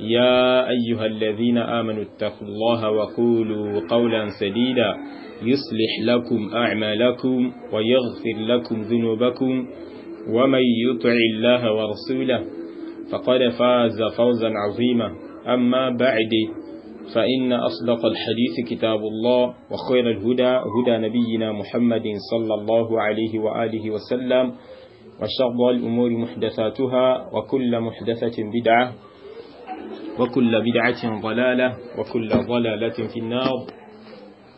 يا أيها الذين آمنوا اتقوا الله وقولوا قولا سديدا يصلح لكم أعمالكم ويغفر لكم ذنوبكم ومن يطع الله ورسوله فقد فاز فوزا عظيما أما بعد فإن أصدق الحديث كتاب الله وخير الهدى هدى نبينا محمد صلى الله عليه وآله وسلم وشر الأمور محدثاتها وكل محدثة بدعة وكل بدعة ضلالة وكل ضلالة في النار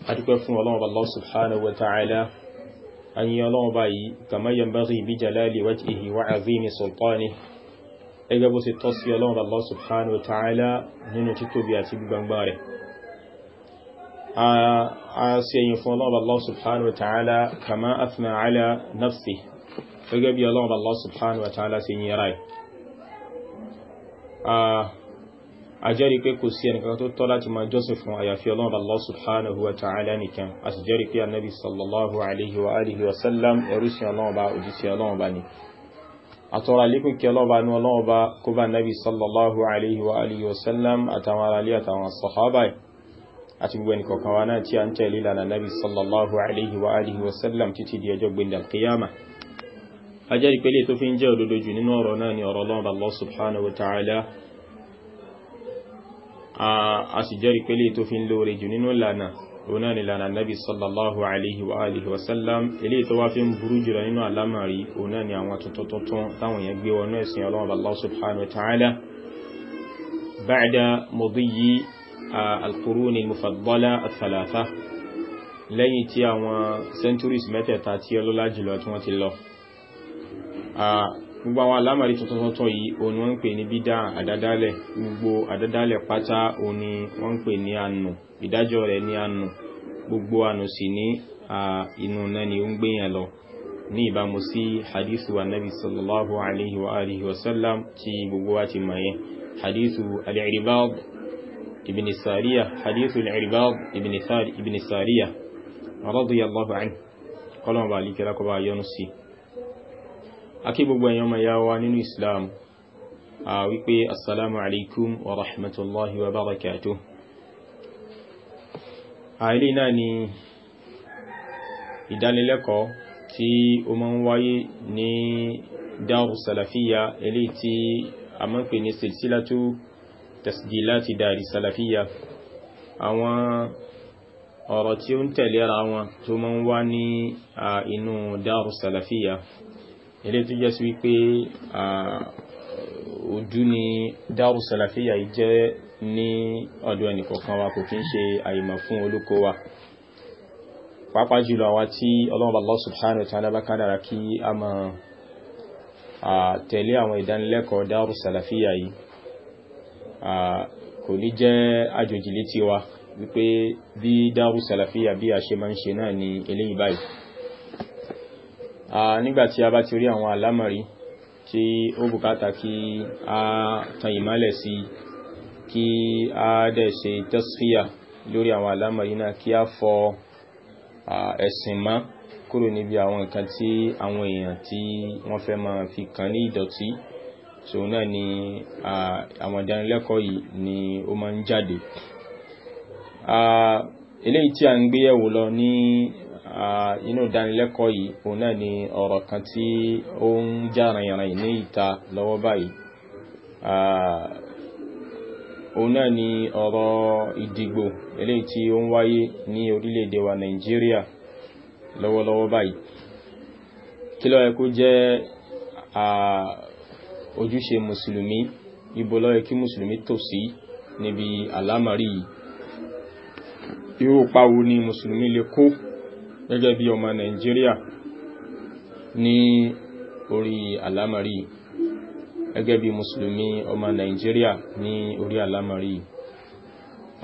أدوك فن الله الله سبحانه وتعالى أن يلعب باي كما ينبغي بجلال وجهه وعظيم سلطانه إجابة التصفية لون الله سبحانه وتعالى نينو تتوبيا تبقى أن فالله الله سبحانه وتعالى كما أثنى على نفسه فقبي الله الله سبحانه وتعالى سيني سينيراي a jẹ́rìí pé kò sí ẹnìkan tó tọ́ láti máa jọ́sìn fún àyàfi ọlọ́run Allah subhanahu wa ta'ala nìkan a sì jẹ́rìí pé annabi sallallahu alaihi wa alihi wa sallam ẹrúsìn ọlọ́run ba òjíṣẹ́ ọlọ́run ba ni àtọ́rọ àlékún kí ọlọ́run ba ní ọlọ́run ba kó bá annabi sallallahu alaihi wa alihi wa sallam àtàwọn aráalé àtàwọn sahaba àti gbogbo ẹnì kọ̀ọ̀kan wa tó fi ń jẹ́ òdodo jù nínú ọ̀rọ̀ náà ni ọ̀rọ̀ ọlọ́run Allah subhanahu a sì jẹ́rìí pé léè tó fi ń lóore jù nínú lànà òun náà ni lànà nabi sallallahu alaihi wa alihi wasallam eléyìí tó wá fi ń burú jùlọ nínú àlámàrí òun náà ni àwọn tuntun tuntun táwọn èèyàn gbé wọnú ẹ̀sìn ọlọ́run Allah subhanahu wa ta'ala ba'da mudiyyi al-qurun al-mufaddala lẹ́yìn tí àwọn centuries mẹ́tẹ̀ẹ̀ta tí ọlọ́lá jùlọ tí wọ́n ti lọ gbogbo àwọn alámàrí tọ́tọ́tọ́tọ́ yìí òun wọ́n ń pè ní bídá àdádálẹ̀ gbogbo àdádálẹ̀ pátá òun ni wọ́n ń pè ní ànù ìdájọ́ rẹ̀ ní ànù gbogbo ànù sì ní inú náà ni ó ń gbéyàn lọ ní ìbámu sí hadithu anabi sallallahu alayhi wa alihi wa sallam tí gbogbo wa ti mọ̀ yẹn hadithu al-Irbad ibn Sariya hadithu al-Irbad ibn Sariya radiyallahu anhu kọ́lọ́mù bá alikẹ́lá kọ́ bá yọnu sí i akí gbogbo ẹ̀yàn ma yá wa nínú islam a wípé assalamu alaikum wa rahmatullahi wa barakatuh a ilé náà ni ìdánilẹ́kọ̀ọ́ tí ó máa ń wáyé ní dáru salafiya ilé tí a máa ń pè ní silsilatu tasjilati dari salafiya àwọn ọ̀rọ̀ tí ó ń tẹ̀lé wọn tó máa ń wá ní inú dáru salafiya ilé tó jẹ́ sí wípé ojú ni Daru Salafiyya yìí jẹ́ ní ọ̀dọ̀ ẹnìkọ̀ọ̀kan wa kò kí ń ṣe àyèmọ̀ fún olóko wa pàápàá jùlọ àwa tí Ọlọ́run Allah subhanahu wa ta'ala bá kádàrá kí a máa tẹ̀lé àwọn ìdánilẹ́kọ̀ọ́ Daru Salafiyya yìí kò ní jẹ́ àjòjì létí wa wípé bí Daru Salafiyya bí a ṣe máa ń ṣe náà ni eléyìí báyìí nígbàtí a bá ti rí àwọn alámọ̀rí tí ó bùkátà kí a tan ìmọ́lẹ̀ sí kí a dẹ̀ ṣe tasfiya lórí àwọn alámọ̀rí náà kí a fọ ẹ̀sìn mọ́ kúrò níbi àwọn nǹkan tí àwọn èèyàn tí wọ́n fẹ́ máa fi kàn ní ìdọ̀tí so náà ni àwọn ìdánilẹ́kọ̀ọ́ yìí ni ó máa ń jáde eléyìí tí a ń gbé lọ ní inú ìdánilẹ́kọ̀ọ́ yìí òun náà ni ọ̀rọ̀ kan tí ó ń já ràyìnràyìn ní ìta lọ́wọ́ báyìí òun náà ni ọ̀rọ̀ ìdìgbò eléyìí tí ó ń wáyé ní orílẹ̀-èdè wa Nàìjíríà lọ́wọ́lọ́wọ́ báyìí kí ló yẹ kó jẹ́ ojúṣe mùsùlùmí ibo ló yẹ kí mùsùlùmí tò sí níbi àlámàrí yìí irú pa ni mùsùlùmí lè kó gẹ́gẹ́ bí ọmọ Nàìjíríà ní orí àlámàrí gẹ́gẹ́ bí mùsùlùmí ọmọ Nàìjíríà ní orí àlámàrí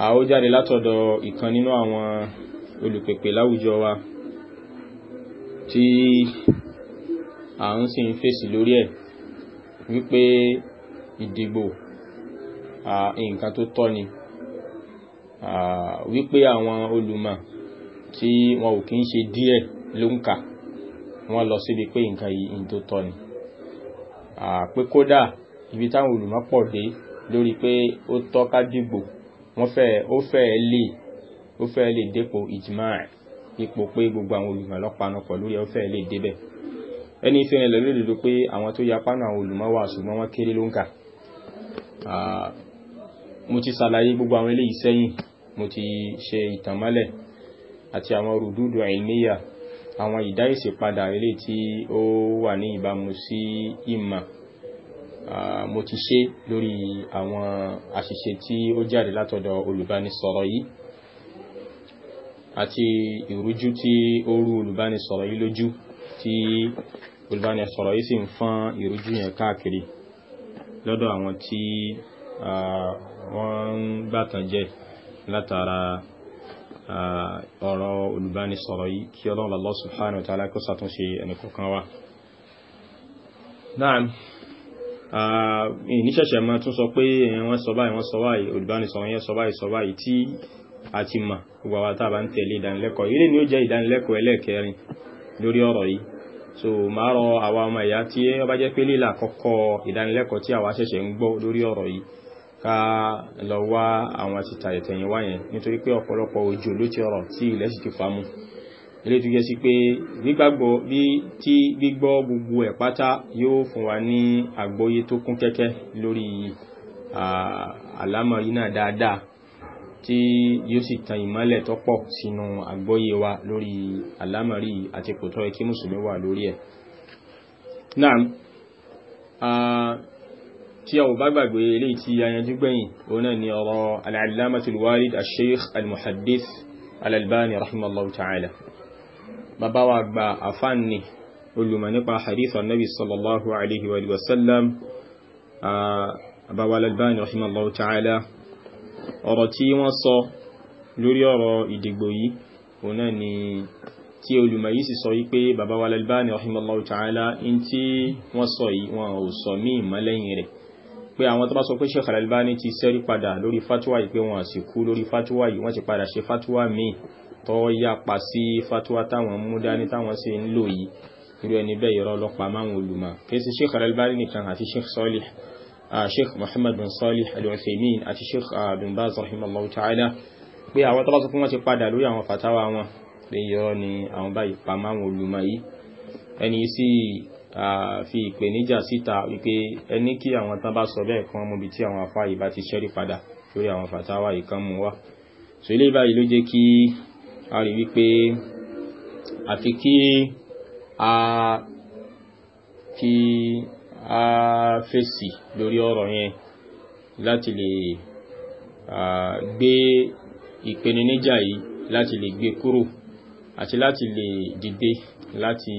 a ó jáde látọ̀dọ̀ ìkan nínú àwọn olùpèpè láwùjọ wa tí à ń sì ń fèsì lórí ẹ̀ wípé ìdìbò nǹkan tó tọ́ ni wípé àwọn olùmọ̀ tí wọn ò kí ń ṣe díẹ̀ ló ń kà wọ́n lọ síbi pé nǹkan yìí tó tọ́ ni pé kódà ibi táwọn olùmọ̀ pọ̀ dé lórí pé ó tọ́ ká dìbò wọ́n fẹ́ ó fẹ́ lè ó fẹ́ lè dépò ìjìmá ipò pé gbogbo àwọn olùmọ̀ lọ́pàá pọ̀ lórí ó fẹ́ lè débẹ̀ ẹni fi rìn lẹ́lẹ́ pé àwọn tó yapa náà àwọn olùmọ̀ wà ṣùgbọ́n wọ́n kéré ló ń kà mo ti ṣàlàyé gbogbo àwọn eléyìí sẹ́yìn mo ti ṣe ìtànmọ́lẹ̀ àti àwọn rùdúdù àìníyà àwọn ìdá ìsèpadà ilé tí ó wà ní ìbámu sí ìmà mo ti ṣe lórí àwọn àṣìṣe tí ó jáde látọ̀dọ̀ olùbánisọ̀rọ̀ yìí àti ìrújú tí ó rú olùbánisọ̀rọ̀ yìí lójú tí olùbánisọ̀rọ̀ yìí sì ń fán ìrújú yẹn káàkiri lọ́dọ̀ àwọn tí wọ́n ń gbàtànjẹ́ látara Uh, ọ̀rọ̀ olùbánisọ̀rọ̀ yìí kí ọlọ́run Allah subhanahu wa ta'ala kó ṣàtúnṣe ẹnìkọ̀ọ̀kan wa náà uh, ìníṣẹ̀ṣẹ̀ máa tún sọ pé èèyàn wọ́n sọ báyìí wọ́n sọ báyìí olùbánisọ̀rọ̀ yẹn sọ báyìí sọ báyìí tí a ti mà gbogbo àwọn ń tẹ̀lé ìdánilẹ́kọ̀ọ́ ilé ni ó jẹ́ ìdánilẹ́kọ̀ọ́ ẹlẹ́ẹ̀kẹrin lórí ọ̀rọ̀ yìí so máa rọ àwa ọmọ ìyá tí ó bá jẹ́ pé lílà kọ́kọ́ ìdánilẹ́kọ̀ọ́ tí àwa ṣẹ̀ṣẹ̀ ń gbọ́ lórí ọ̀rọ̀ yìí ká lọ wá àwọn títà ìtẹ̀yìn wá yẹn nítorí pé ọ̀pọ̀lọpọ̀ òjò ló ti ọ̀rọ̀ tí ilẹ̀ sì ti fa mu ilé tó yẹ sí pé gbígbàgbọ́ bí tí gbígbọ́ gbogbo ẹ̀ pátá yóò fún wa ní àgbọ́yé tó kún kẹ́kẹ́ lórí àlámọ̀rí náà dáadáa tí yóò sì tan ìmọ́lẹ̀ tó pọ̀ sínú àgbọ́yé wa lórí àlámọ̀rí àti kòtọ́ ẹkí mùsùlùmí wà lórí ẹ̀ náà tí a ò bá gbàgbé ilé tí a yanjú gbẹ̀yìn òun náà ni ọ̀rọ̀ al'alamatul walid al-sheikh al-muhaddith al-albani rahimallahu ta'ala bàbá wa gba àfáàní olùmọ̀ nípa hadith annabi sallallahu alaihi wa sallam bàbá wa al-albani rahimallahu ta'ala ọ̀rọ̀ tí wọ́n sọ lórí ọ̀rọ̀ ìdìgbò yìí òun náà ni tí olùmọ̀ yìí sì sọ wípé bàbá wa al rahimallahu ta'ala in tí wọ́n sọ yìí wọn ò sọ míì mọ́ rẹ̀ pé àwọn tó bá sọ pé Sheikh Al-Albani ti ṣẹ́rí padà lórí fatuwa yìí pé wọ́n sì kú lórí fatuwa yìí wọ́n ti padà ṣe fatuwa míì tó yapa sí fatuwa táwọn mú dání táwọn sì ń lò yìí irú ẹni bẹ́ẹ̀ irọ́ ọlọ́pàá máwọn olùmọ̀ kì í sí Sheikh Al-Albani nìkan àti Sheikh Salih Sheikh Muhammad bin Salih Al-Uthaymin àti Sheikh bin Baz rahimahullah ta'ala pé àwọn tó bá sọ pé wọ́n ti padà lórí àwọn fatawa wọn pé irọ́ ni àwọn báyìí pa máwọn olùmọ̀ yìí ẹni sí fi ìpèníjà síta wípé ẹni kí àwọn tán bá sọ bẹ́ẹ̀ kan mú tí àwọn afá yìí bá ti ṣẹ́rí padà lórí àwọn fàtáwà yìí kan mú wá so ilé báyìí ló jẹ́ kí a rí wípé àfi kí a kí a fèsì lórí ọ̀rọ̀ yẹn láti lè gbé ìpèníjà yìí láti lè gbé kúrò àti láti lè dìde láti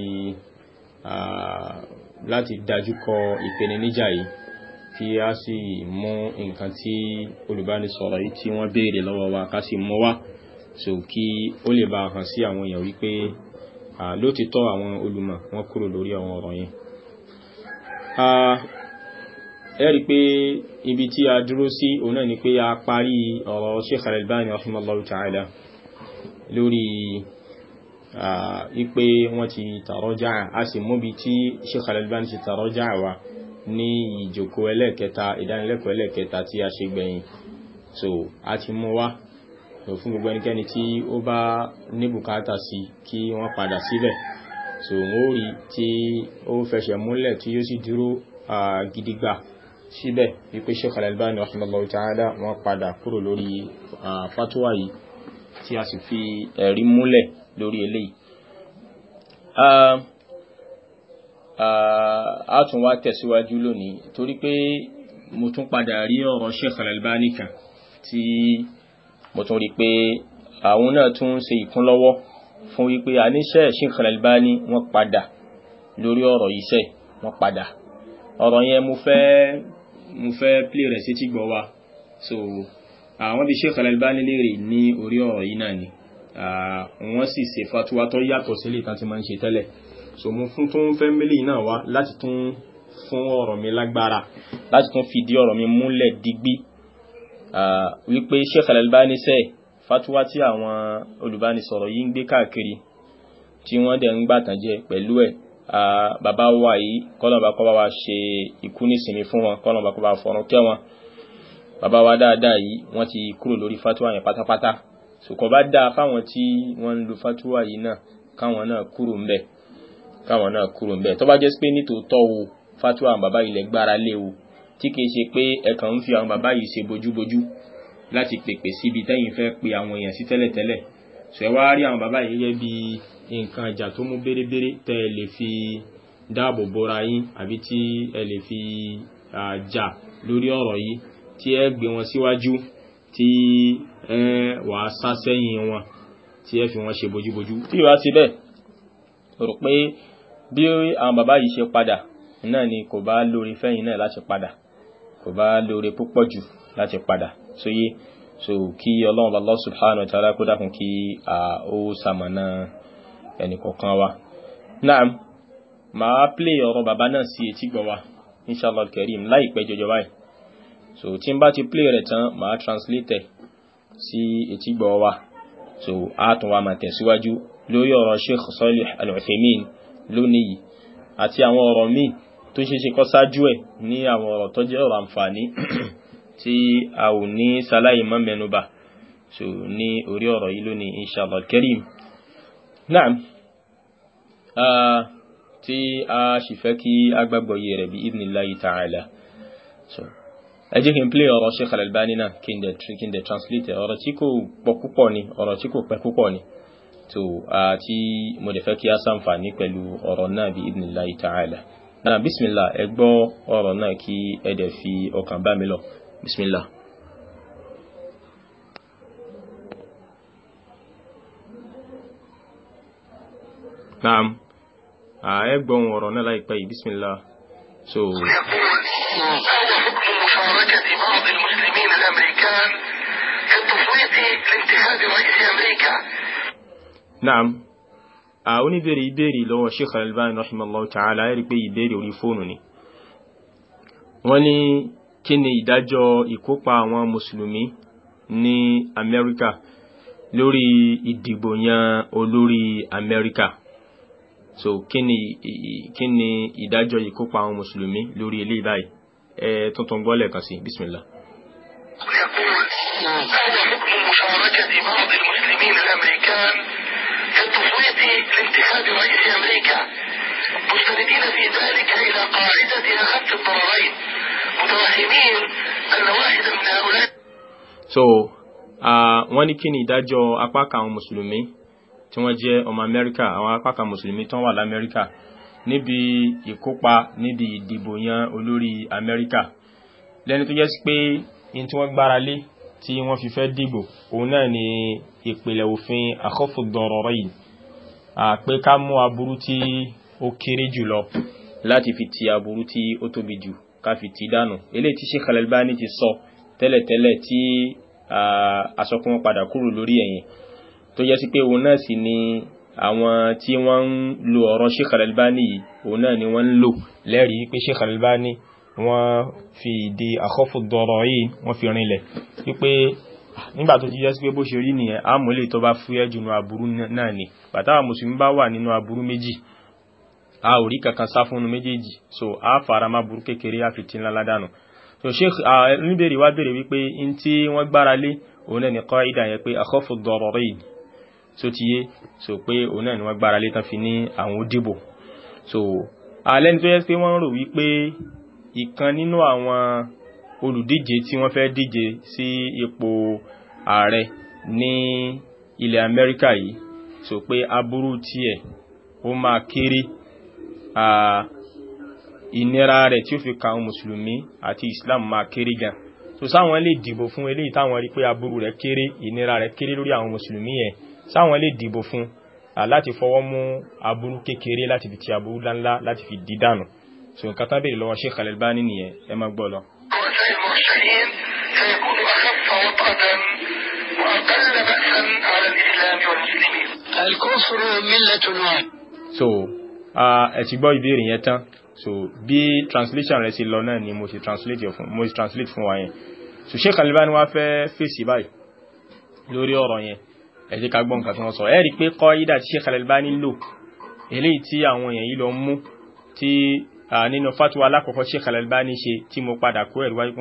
Ah, láti dájúkọ ìpèníjà yìí kí a sì mú nǹkan tí olùbánisọ̀rọ̀ yìí tí wọ́n béèrè lọ́wọ́ wa ká sì mú wá so kí ó lè bá hàn sí àwọn èèyàn wípé lótìtọ́ àwọn olùmọ̀ wọ́n kúrò lórí àwọn ọ̀rọ̀ yẹn ẹ rí pé ibi tí a dúró sí òun náà ni pé a parí ọ̀rọ̀ Sheikh Al-Albani rahimahullahu ta'ala lórí Ah, ipe wọ́n ti tàrọ́jà a sì múbi tí Sheikh al ti tàrọ́jà wa ní ìjòkó ẹlẹ́ẹ̀kẹta ìdánilẹ́kọ̀ọ́ ẹlẹ́ẹ̀kẹta tí a ṣe gbẹ̀yìn so a ti mú wá fún gbogbo ẹnikẹ́ni tí ó bá ní bùkátà sí kí wọ́n padà síbẹ̀ so wọ́n ó rí tí ó fẹsẹ̀ múlẹ̀ tí yóò sì dúró gidigba síbẹ̀ wípé Sheikh Al-Albani rahimahullahu ta'ala wọ́n padà kúrò lórí fatuwa yìí tí a sì fi ẹ̀rí múlẹ̀ lórí eléyìí a tún wá tẹ̀síwájú lónìí torí pé mo tún padà rí ọ̀rọ̀ Sheikh Al-Albani kan tí mo tún rí pé àwọn náà tún ń ṣe ìkúnlọ́wọ́ fún wípé àníṣẹ́ Sheikh Al-Albani wọ́n padà lórí ọ̀rọ̀ iṣẹ́ wọ́n padà ọ̀rọ̀ yẹn mo fẹ́ mo fẹ́ play rẹ̀ sétí gbọ́ wa so àwọn bí Sheikh Al-Albani léèrè ní orí ọ̀rọ̀ yìí náà ni Ah, wọ́n sì ṣe fatuwa tó yàtọ̀ sílé tán ti máa ń ṣe tẹ́lẹ̀ so mo fún tó ń fẹ́ mílì náà wá láti tún fún ọ̀rọ̀ mi lágbára láti tún fìdí ọ̀rọ̀ mi múlẹ̀ digbí ah, wípé Sheikh Al-Albani sẹ́ fatuwa tí àwọn olùbánisọ̀rọ̀ yìí ń gbé káàkiri tí wọ́n dẹ̀ ń gbàtànjẹ́ pẹ̀lú ẹ̀ ah, bàbá wa yìí kọ́lọ̀bà kọ́ bá wa ṣe ikú nísìnyí fún wọn kọ́lọ̀bà kọ́ bá fọ̀rọ̀ kẹ́ bàbá wa dáadáa yìí wọ́n ti kúrò lórí fatuwa yẹn pátápátá sùkọ́ bá dáa fáwọn tí wọ́n ń lo fatuwa yìí náà káwọn náà kúrò ńbẹ̀ káwọn náà kúrò ńbẹ̀ tó bá jẹ́ pé nítòótọ́ o fatuwa àwọn bàbá ilẹ̀ gbára lé o tí kìí ṣe pé ẹ̀kan ń fi àwọn bàbá yìí ṣe bojúbojú láti pèpè síbi tẹ́yìn fẹ́ pe àwọn èèyàn sí tẹ́lẹ̀tẹ́lẹ̀ sọ wá rí àwọn bàbá yìí gẹ́gẹ́ bí nǹkan ìjà tó mú bérebére tẹ́ ẹ lè fi dáàbò bora yín àbí tí ẹ lè fi jà lórí ọ̀rọ̀ yìí tí ẹ gbé wọn síwájú tí ẹ wà á sá sẹ́yìn wọn tí ẹ fi wọn ṣe bójúbójú tí ìwà ti bẹ́ẹ̀ rò pé bí àwọn bàbá yìí ṣe padà náà ni kò bá lórí fẹ́yìn náà láti padà kò bá lórí púpọ̀ jù láti padà sóyé so kí ọlọ́run Allah subhanahu wa ta'ala kó dákun kí ó sàmọ̀nà ẹnìkọ̀ọ̀kan wa naam màá play ọ̀rọ̀ bàbá náà sí etí gbọ́ wa inshallah karim láìpẹ́ jọjọ báyìí so tí n bá ti play rẹ̀ tán màá translate sí etígbọ̀ wa so a tún wa máa tẹ̀síwájú lórí ọ̀rọ̀ Sheikh Salih Al-Uthaymeen lónìí àti àwọn ọ̀rọ̀ míì tó ṣe ṣe kọ́ ṣáájú ẹ̀ ní àwọn ọ̀rọ̀ tó jẹ́ ọ̀rọ̀ àǹfààní tí a ò ní sáláì mọ́ mẹ́nubà so ní orí ọ̀rọ̀ yìí lónìí inshallah karim naam tí a sì fẹ́ kí a gbàgbọ́ yìí rẹ̀ bí idhnillahi ta'ala so ẹ jẹ́ kí n play ọ̀rọ̀ Sheikh Al-Albani náà kí n dẹ̀ kí n dẹ̀ translate ọ̀rọ̀ tí kò pọ̀ púpọ̀ ni ọ̀rọ̀ tí kò pẹ́ púpọ̀ ni tó àti mo dẹ̀ fẹ́ kí a sàǹfààní pẹ̀lú ọ̀rọ̀ náà bí idhnillahi ta'ala náà bismillah ẹ gbọ́ ọ̀rọ̀ náà kí ẹ dẹ̀ fi ọkàn bá mi lọ bismillah. naam ẹ gbọ́ ọ̀rọ̀ náà láìpẹ́ yìí bismillah so. يقول فهو مشاركة بعض المسلمين الأمريكان في التصويت لانتخاب رئيس أمريكا. نعم àwọn oníbèrè ìbéèrè lọ́wọ́ Sheikh Al-Albani rahimahullahu ta'ala rí pé ìbéèrè orí fóònù ni wọ́n ní kí ni ìdájọ́ ìkópa àwọn mùsùlùmí ní Amẹ́ríkà lórí ìdìbò yan olórí Amẹ́ríkà so kí ni kí ni ìdájọ́ yìí kópa àwọn mùsùlùmí lórí eléyìí báyìí ẹ tuntun gbọ́ lẹ́ẹ̀kan sí bismillah. مستندين في ذلك إلى قاعدة أخذت الضررين متوهمين أن واحدا من هؤلاء so uh, wọ́n ní kí ni ìdájọ́ apá tí wọ́n jẹ́ ọmọ amẹ́ríkà àwọn apá kan mùsùlùmí tán wà lamẹ́ríkà níbi ìkópa níbi ìdìbò yan olórí amẹ́ríkà lẹ́ni tó jẹ́ sí pé in tí wọ́n gbára lé tí wọ́n fi fẹ́ dìbò òun náà ni ìpìlẹ̀ òfin àkọ́fù dọ̀rọ̀rọ̀ yìí àpé ká mú aburú tí ó kéré jù lọ láti fi ti aburú tí ó tóbi jù ká fi ti dànù eléyìí tí Sheikh al ti sọ tẹ́lẹ̀tẹ́lẹ̀ tí àsọkún padà kúrò lórí ẹ̀yìn tó yẹ sí pé òun náà sì ni àwọn tí wọ́n ń lo ọ̀rọ̀ Sheikh Al-Albani yìí òun náà ni wọ́n ń lò lẹ́rìí pé Sheikh Al-Albani wọ́n fi ìdí àkọ́fù dọ̀rọ̀ yìí wọ́n fi rinlẹ̀ wípé nígbà tó ti jẹ́ sí pé bó ṣe rí nìyẹn àmúlẹ̀ tó bá fúyẹ́ jù nù aburú náà ni bàtàwà mùsùlùmí bá wà nínú aburú méjì a ò rí kankan sá fún un méjèèjì so a fara má burú kékeré a fi ti ńlá ládànù so sheikh níbèrè wá bèrè wípé n tí wọ́n gbára lé òun náà ni kọ́ ìdá yẹn pé àkọ́fù yìí so ti yé so pé òun náà ni wọ́n gbára lé tán fi ní àwọn òdìbò so alẹ́ni tó yẹ pé wọ́n rò wípé ìkan nínú àwọn olùdíje tí wọ́n fẹ́ díje sí ipò ààrẹ ní ilẹ̀ Amẹ́ríkà yìí so pé aburú tiẹ̀ ó máa kéré ìnira rẹ̀ tí ó fi kàwọn mùsùlùmí àti Islam máa kéré gan so sáwọn lè dìbò fún eléyìí táwọn rí pé aburú rẹ̀ kéré ìnira rẹ̀ kéré lórí àwọn mùsùlùmí yẹn sáwọn lè dìbò fún láti fọwọ́ mú aburú kékeré láti fi ti aburú ńláńlá láti fi dí so nǹkan tán bèrè lọ́wọ́ Sheikh Al-Albani ẹ máa gbọ́ lọ. so ẹ gbọ́ ìbéèrè yẹn tán so bí translation rẹ ti lọ náà ni mo ti translate fún mo ti translate fún wa yẹn so Sheikh Al-Albani wá fẹ́ fèsì báyìí lórí ọ̀rọ̀ yẹn ẹ jẹ́ ká gbọ́ nǹkan tí wọ́n sọ ẹ rí pé kọ́ ìdá tí Sheikh Al-Albani lò eléyìí tí àwọn èèyàn yìí lọ mú tí nínú fatuwa alákọ̀ọ́kọ́ Sheikh Al-Albani ṣe tí mo padà kó ẹ̀rí wáyé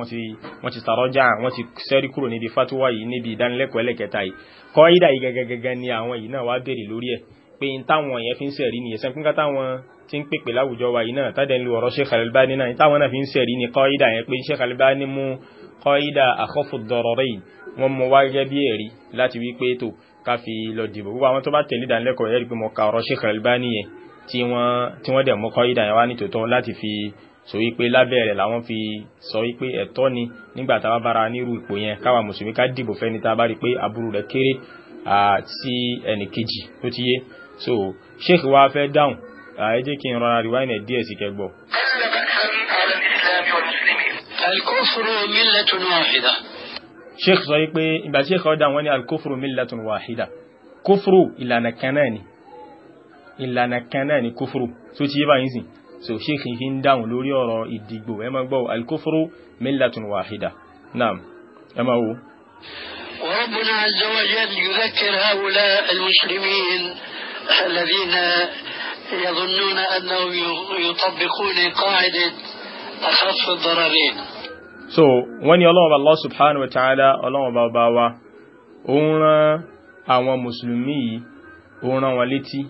wọ́n ti sàrọ́jà wọ́n ti sẹ́rí kúrò níbi fatuwa yìí níbi ìdánilẹ́kọ̀ọ́ ẹlẹ́kẹta yìí kọ́ ìdá yìí gẹ́gẹ́gẹ́gẹ́ ni àwọn yìí náà wá béèrè lórí ẹ̀ pé n táwọn yẹn fi ń sẹ̀rí ni ẹ̀sẹ̀ pínká táwọn ti ń pèpè láwùjọ wa yìí náà gẹ́gẹ́ bí ẹ̀rí láti wí tó káfi lọ dìbò gbogbo àwọn tó bá tẹ̀lé ìdánilẹ́kọ̀ọ́ yẹ́rì pé mo ka ọ̀rọ̀ Sheikh Albani yẹn tí wọ́n dẹ̀ mú kọ́ ìdáyẹn wá ní tòótọ́ láti fi sọ wípé lábẹ́ rẹ̀ làwọn fi sọ wípé ẹ̀tọ́ ni nígbà tá a bá bára nírú ipò yẹn káwa mùsùlùmí ká dìbò fẹ́ni tá a bá rí pé aburú rẹ̀ kéré sí ẹnì kejì tó ti yé so sheikh wa fẹ́ dáhùn ẹ jẹ́ kí n rọra rewind ẹ̀ díẹ̀ sí kẹgbọ́. al-kufru millatun wahida. sheikh sọ wípé ìgbà tí sheikh ọ̀dà wọn ni alkufru millatun wahida kufru ìlànà kan náà ni ìlànà kan náà ni kufru tó ti yé báyìí sìn so sheikh yìí ń dáhùn lórí ọ̀rọ̀ ìdìgbò ẹ máa gbọ́ alkufru millatun wahida naam ẹ máa wo. وربنا عز وجل يذكر هؤلاء المسلمين الذين يظنون أنهم يطبقون قاعدة أخف الضررين so wọ́n ní ọlọ́wọ́ Allah subhanahu wa ta'ala ọlọ́wọ́ bá wa ó ń rán àwọn mùsùlùmí yìí ó ń rán wọn létí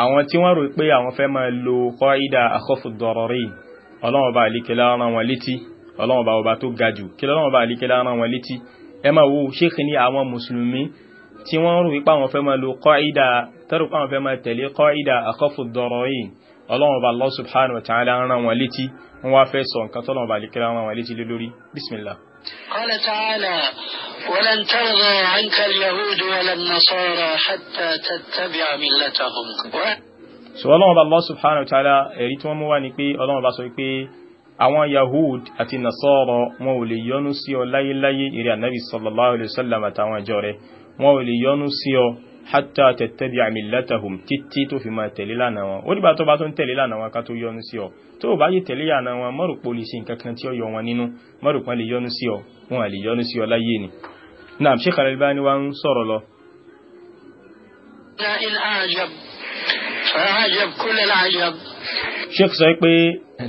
àwọn tí wọ́n rò pé àwọn fẹ́ máa lo qaida akhafu darari ọlọ́wọ́ bá àlíkẹ́lá rán wọn létí ọlọ́wọ́ bá ọba tó ga jù kí lọ́wọ́ bá àlíkẹ́lá rán wọn létí ẹ lo qaida tẹ́rù pàwọn fẹ́ máa tẹ̀lé qaida akhafu ad-dararin ọlọ́run ọba Allah subhanahu wa ta'ala ń ran wọn létí wọ́n wá fẹ́ sọ nǹkan tọ́lọ́run ọba àlekèrè ran wọn létí lé lórí bismillah. قال تعالى ولن ترضى عنك اليهود ولا النصارى حتى تتبع ملتهم so ọlọ́run ọba Allah subhanahu wa ta'ala ẹ̀rí tí wọ́n mú wá ni pé ọlọ́run ọba sọ pé àwọn yahood àti nasọ́rọ̀ wọn ò lè yọnu sí ọ láyéláyé ìrìn ànábì sallallahu alayhi àtàwọn ìjọ rẹ̀ wọn ò lè yọnu sí ọ hatta tattabi'a millatahum títí tó fi máa tẹ̀lé lánàá wọn ó dìgbà tó bá tó ń tẹ̀lé lánàá wọn ká tó yọnu sí ọ tó o bá yí tẹ̀lé lánàá wọn mọ́rù pọ̀ lè ṣe nǹkan kan tí ó yọ wọn nínú mọ́rù pọ̀ lè yọnu sí ọ wọn lè yọnu sí ọ láyé ni. naam Sheikh Al-Albani wa ń sọ̀rọ̀ lọ. Sheikh sọ pé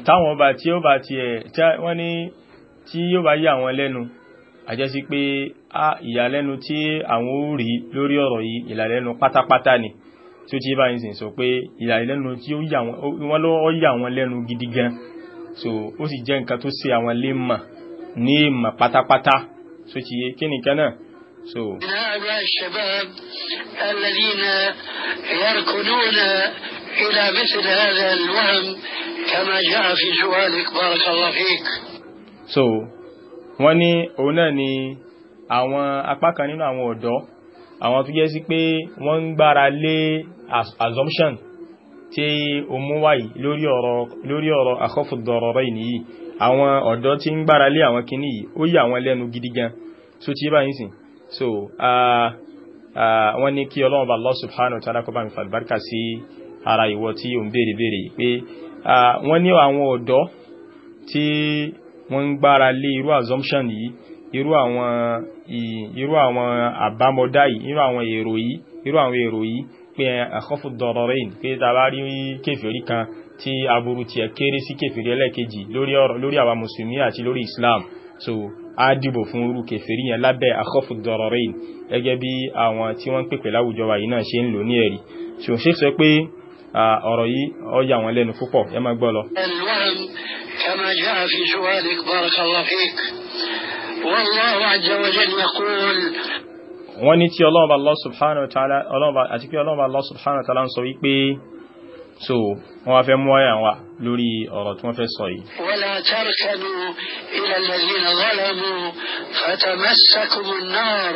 táwọn ọba tí ó bá tiẹ̀ wọ́n ní tí yóò bá yí àwọn lẹ́nu àjẹ́sí pé ìyàlẹ́nu tí àwọn ó rí lórí ọ̀rọ̀ yìí ìyàlẹ́nu pátápátá ni tí ó ti bá ìsìn sọ pé ìyàlẹ́nu tí wọ́n lọ́wọ́ yà wọ́n lẹ́nu gidi gan so ó sì jẹ́ nǹkan tó ṣe àwọn lè mà ní mà pátápátá so ti yé kí nìkan náà so. الشباب الذين يركنون إلى مثل هذا الوهم كما جاء في سؤالك بارك الله فيك. So wọ́n ní òun náà ni àwọn apá kan nínú àwọn ọ̀dọ́ àwọn tó jẹ́ sí pé wọ́n ń gbára lé assumption tí o mú wáyìí lórí ọ̀rọ̀ àkọ́fùdọ̀rọ̀rọ̀ ìníyìí àwọn ọ̀dọ́ tí ń gbára lé àwọn kìíní yìí ó yà wọ́n lẹ́nu gidi gan so tí bá sìn so wọ́n ní kí ọlọ́run bá Allah subhanahu wa ta'ala kó bá mi fàlùbáríkà sí ara ìwọ tí o ń wọ́n ń gbára lé irú assumption yìí irú àwọn irú àwọn àbámọ̀dá yìí irú àwọn èrò yìí irú àwọn èrò yìí pé àkọ́fù eh, dọ̀rọ̀rìn pé ta bá rí kèfèrí kan tí aburú tiẹ̀ kéré sí kèfèrí ẹlẹ́kejì lórí àwa mùsùlùmí àti lórí Islam so a dìbò fún irú kèfèrí yẹn lábẹ́ àkọ́fù dọ̀rọ̀rìn gẹ́gẹ́ bí àwọn tí wọ́n ń pèpè láwùjọ wa yìí náà ṣe ń lò ní ẹ̀rí so ṣe sọ pé ọ̀rọ̀ yìí ó yà wọ́n lẹ́nu púpọ̀ ẹ máa gbọ́ lọ. wọ́n ní tí ọlọ́ọ̀bà Allah subhanahu wa ta'ala ọlọ́ọ̀bà àti pé ọlọ́ọ̀bà Allah subhanahu ta'ala ń sọ wípé so wọ́n wá fẹ́ mú ọ̀yà wà lórí ọ̀rọ̀ tí wọ́n fẹ́ sọ yìí. wala tarkanu ila alladhina zalamu fatamassakumun nar.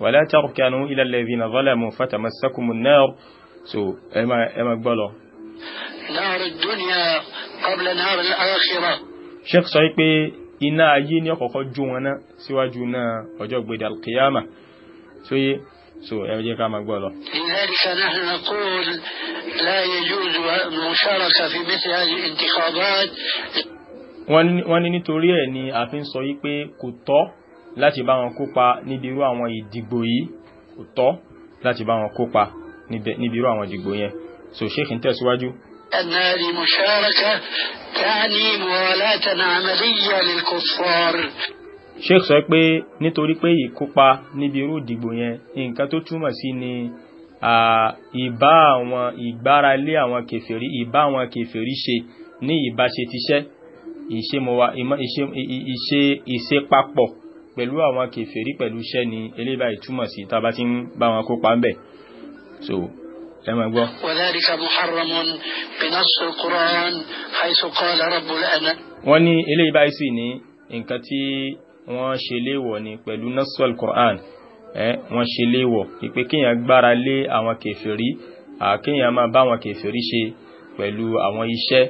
wala tarkanu ila alladhina zalamu fatamassakumun nar so ẹ máa ẹ máa gbọ́ lọ. nar ad-dunya qabla nar al-akhirah. sheikh sọ pé iná ayé ní ọ̀kọ̀ọ̀kọ́ jó wọn ná síwájú náà ọjọ́ gbèdé alkiyama so yé so ẹ jẹ́ ká máa gbọ́ lọ. لذلك نحن نقول لا يجوز المشاركة في مثل هذه الانتخابات. wọ́n ní nítorí ẹ̀ ni a fi ń sọ yí pé kò tọ́ láti bá wọn kópa níbi irú àwọn ìdìgbò yìí kò tọ́ láti bá wọn kópa níbi irú àwọn ìdìgbò yẹn so sheikh ń tẹ̀síwájú. هذه مشاركة تعني موالاة عملية للكفار sheikh sọ pé nítorí pé ìkópa níbi irú ìdìgbò yẹn nǹkan tó túmọ̀ sí ni ìbá àwọn ìgbáralé àwọn kèfèrí ìbá àwọn kèfèrí ṣe ní ìbáṣe tiṣẹ́ ìṣe ìṣe ìṣe pẹ̀lú àwọn kèfèrí pẹ̀lú iṣẹ́ ni eléyìí báyìí túmọ̀ sí tá a bá ti ń bá wọn kópa ń bẹ̀ so ẹ máa gbọ́. wọ́n ní eléyìí báyìí sì ní nǹkan tí wọ́n ṣe léèwọ̀ ni pẹ̀lú nasul Qur'an wọ́n ṣe léèwọ̀ ìpè kéèyàn gbára lé àwọn kèfèrí àkéèyàn máa bá àwọn kèfèrí ṣe pẹ̀lú àwọn iṣẹ́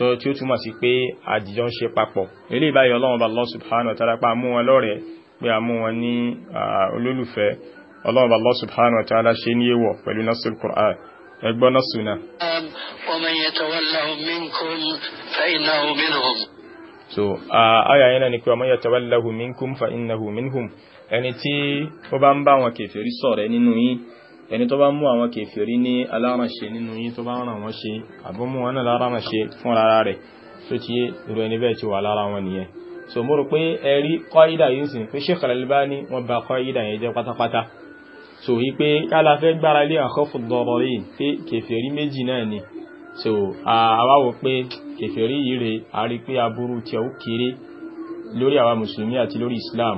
tó tí ó túmọ̀ sí pé àjíjọ ń ṣe papọ̀ ilé ìbáyọ̀ ọlọ́run bá Allah subhanahu wa ta'ala pa mú wọn lọ́rẹ̀ẹ́ pé a mú wọn ní olólùfẹ́ ọlọ́run bá Allah subhanahu wa ta'ala ṣe ní èwọ̀ pẹ̀lú nasul Qur'an ẹgbọ́n náà sùnà. ومن يتولهم منكم فإنه منهم so aya yana ni pé ọmọ yatawallahi minkum fa innahu minhum ẹni tí ó bá ń bá wọn kèfèrí ṣọ̀rẹ́ nínú yín ẹni tó bá mú àwọn kèfèrí ní aláránṣe nínú yín tó bá ràn wọ́n ṣe àbọ́ mú wọn náà láránṣe fún rárá rẹ̀ tó ti yé irú ẹni bẹ́ẹ̀ ti wà lára wọn nìyẹn so mo rò pé ẹ̀rí kọ́ídà yìí sìn pé Sheikh Al-Albani wọ́n bà kọ́ídà yẹn jẹ́ pátápátá so yí pé kálá fẹ́ gbára lé àkọ́fù dọ̀rọ̀ rí pé kèfèrí méjì náà ni so àwa wò pé kèfèrí yìí rè a rí pé aburú tí ó kéré lórí àwa mùsùlùmí àti lórí Islam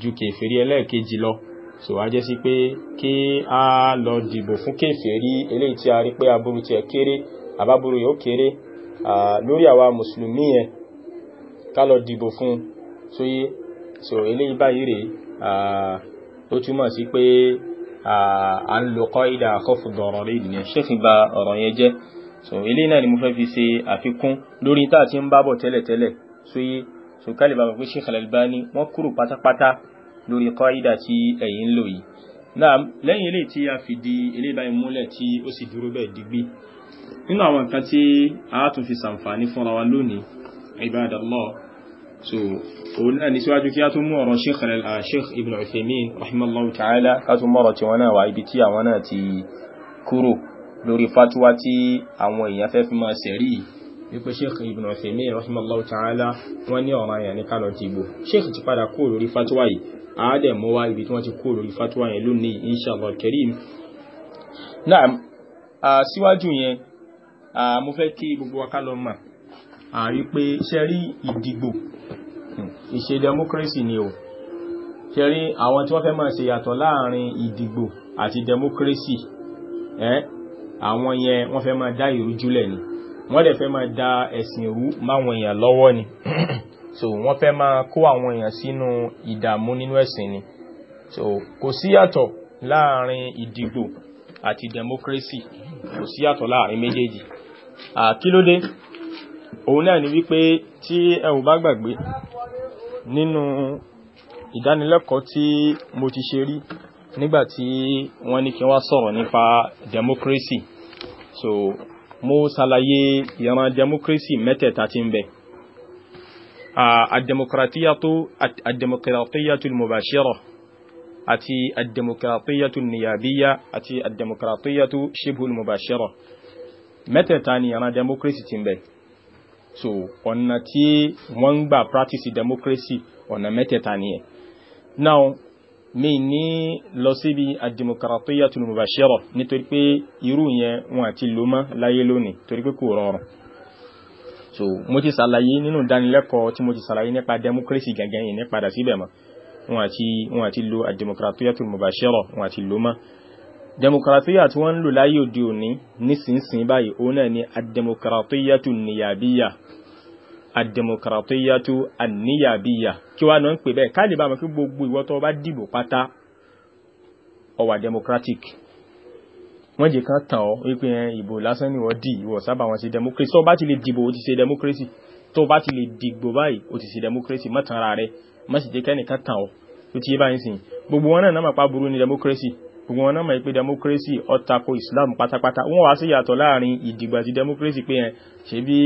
ju kèfèrí ẹlẹ́ẹ̀kejì lọ so a jẹ́ sí pé kí a lọ dìbò fún kèfèrí eléyìí tí a rí pé aburú tiẹ̀ kéré àbábúrú yóò kéré lórí àwa mùsùlùmí yẹn ká lọ dìbò fún so yé so eléyìí báyìí rèé ó túmọ̀ sí pé a ń lo qaida khawfu darari nìyẹn ṣéfì ba ọ̀rọ̀ yẹn jẹ́ so eléyìí náà ni mo fẹ́ fi ṣe àfikún lórí tá a ti ń bábọ̀ tẹ́lẹ̀tẹ́lẹ̀ so yé so kálíbà pé Sheikh Al-Albani wọ́n kúrò pátápátá lórí kọ́ídà tí ẹ̀yin ń lò yìí náà lẹ́yìn eléyìí tí a fi di eléyìí báyìí múlẹ̀ tí ó sì dúró bẹ́ẹ̀ digbí nínú àwọn nǹkan tí a tún fi sàǹfààní fúnra wa lónìí ibadallah so òun náà ní síwájú kí a tún mú ọ̀rọ̀ sheikh sheikh ibn Uthaymin rahimallahu ta'ala ká tún mọ̀rọ̀ tí wọ́n náà wá ibi tí àwọn náà ti rahimallahu ta'ala wọ́n ní ọ̀rọ̀ àyàn ní kálọ̀ dìbò sheikh ti padà kúrò lórí fatuwa yìí àádẹ̀ mọ́ wá ibi tí wọ́n ti kó lórí fatuwa yẹn lónìí inshallah al na a síwájú yẹn mo fẹ́ kí gbogbo wa ká lọ mà àrí pé ṣe rí ìdìgbò hmm, ìṣe democracy ni o ṣe rí àwọn tí wọ́n fẹ́ máa ṣe yàtọ̀ láàrin ìdìgbò àti democracy ẹ́ àwọn yẹn wọ́n fẹ́ máa dá ìrújúlẹ̀ ni wọ́n dẹ̀ fẹ́ máa da ẹ̀sìn rú máwọn èèyàn lọ́wọ́ ni so wọ́n fẹ́ máa kó àwọn èèyàn sínú ìdààmú nínú ẹ̀sìn ni so kò síyàtọ̀ láàrin ìdìbò àti democracy kò síyàtọ̀ láàrin méjèèjì àkílódé òun náà ni wípé tí ẹ ò bá gbàgbé nínú ìdánilẹ́kọ̀ọ́ tí mo ti ṣe rí nígbàtí wọ́n ní kí wá sọ̀rọ̀ nípa democracy so mo ṣàlàyé ìran democracy mẹ́tẹ̀ẹ̀ta tí ń bẹ الديمقراطية الديمقراطية المباشرة أتي الديمقراطية النيابية أتي الديمقراطية شبه المباشرة متى تاني أنا ديموكراسي تنبي so ọ̀nà tí wọ́n ń gbà practice democracy ọ̀nà mẹ́tẹ̀ẹ̀ta ni ẹ̀ now mi ní lọ síbi àdìmọ̀kàràtọ́yà tùnúmọ̀bàṣẹ́rọ̀ nítorí pé irú yẹn wọn àti lò mọ́ láyé lónìí torí pé kò rọrùn so mo ti ṣàlàyé nínú ìdánilẹ́kọ̀ọ́ tí mo ti ṣàlàyé nípa democracy gangan yìí nípadà síbẹ̀ mọ́ wọn àti wọn àti lo àdemokratíyàtul mubashara wọn àti lo mọ́ demokratiya tí wọ́n lò láyé òde òní nísinsìnyí báyìí òun náà ni àdemokratíyàtu níyàbíyà àdemokratíyàtu àníyàbíyà kí wàá náà ń pè bẹ́ẹ̀ káàlì bá mọ̀ kí gbogbo ìwọ tó bá dìbò pátá ó democratic wọ́n jẹ́ kán tàn ọ́ wípé ìbò lásán ni wọ́n dì ìwọ sábà wọn ṣe democracy tó o bá ti lè dìbò o ti ṣe democracy tó o bá ti lè dìgbò báyìí o ti ṣe democracy má tan ara rẹ má sì jẹ́ kẹ́nìkan tàn ọ́ tó ti yé báyìí sìn gbogbo wọn náà náà máa pa burú ni democracy gbogbo wọn náà máa pe democracy ó Islam pátápátá wọn wá sí yàtọ̀ láàrin ìdìgbò àti democracy pé ẹ ṣe bí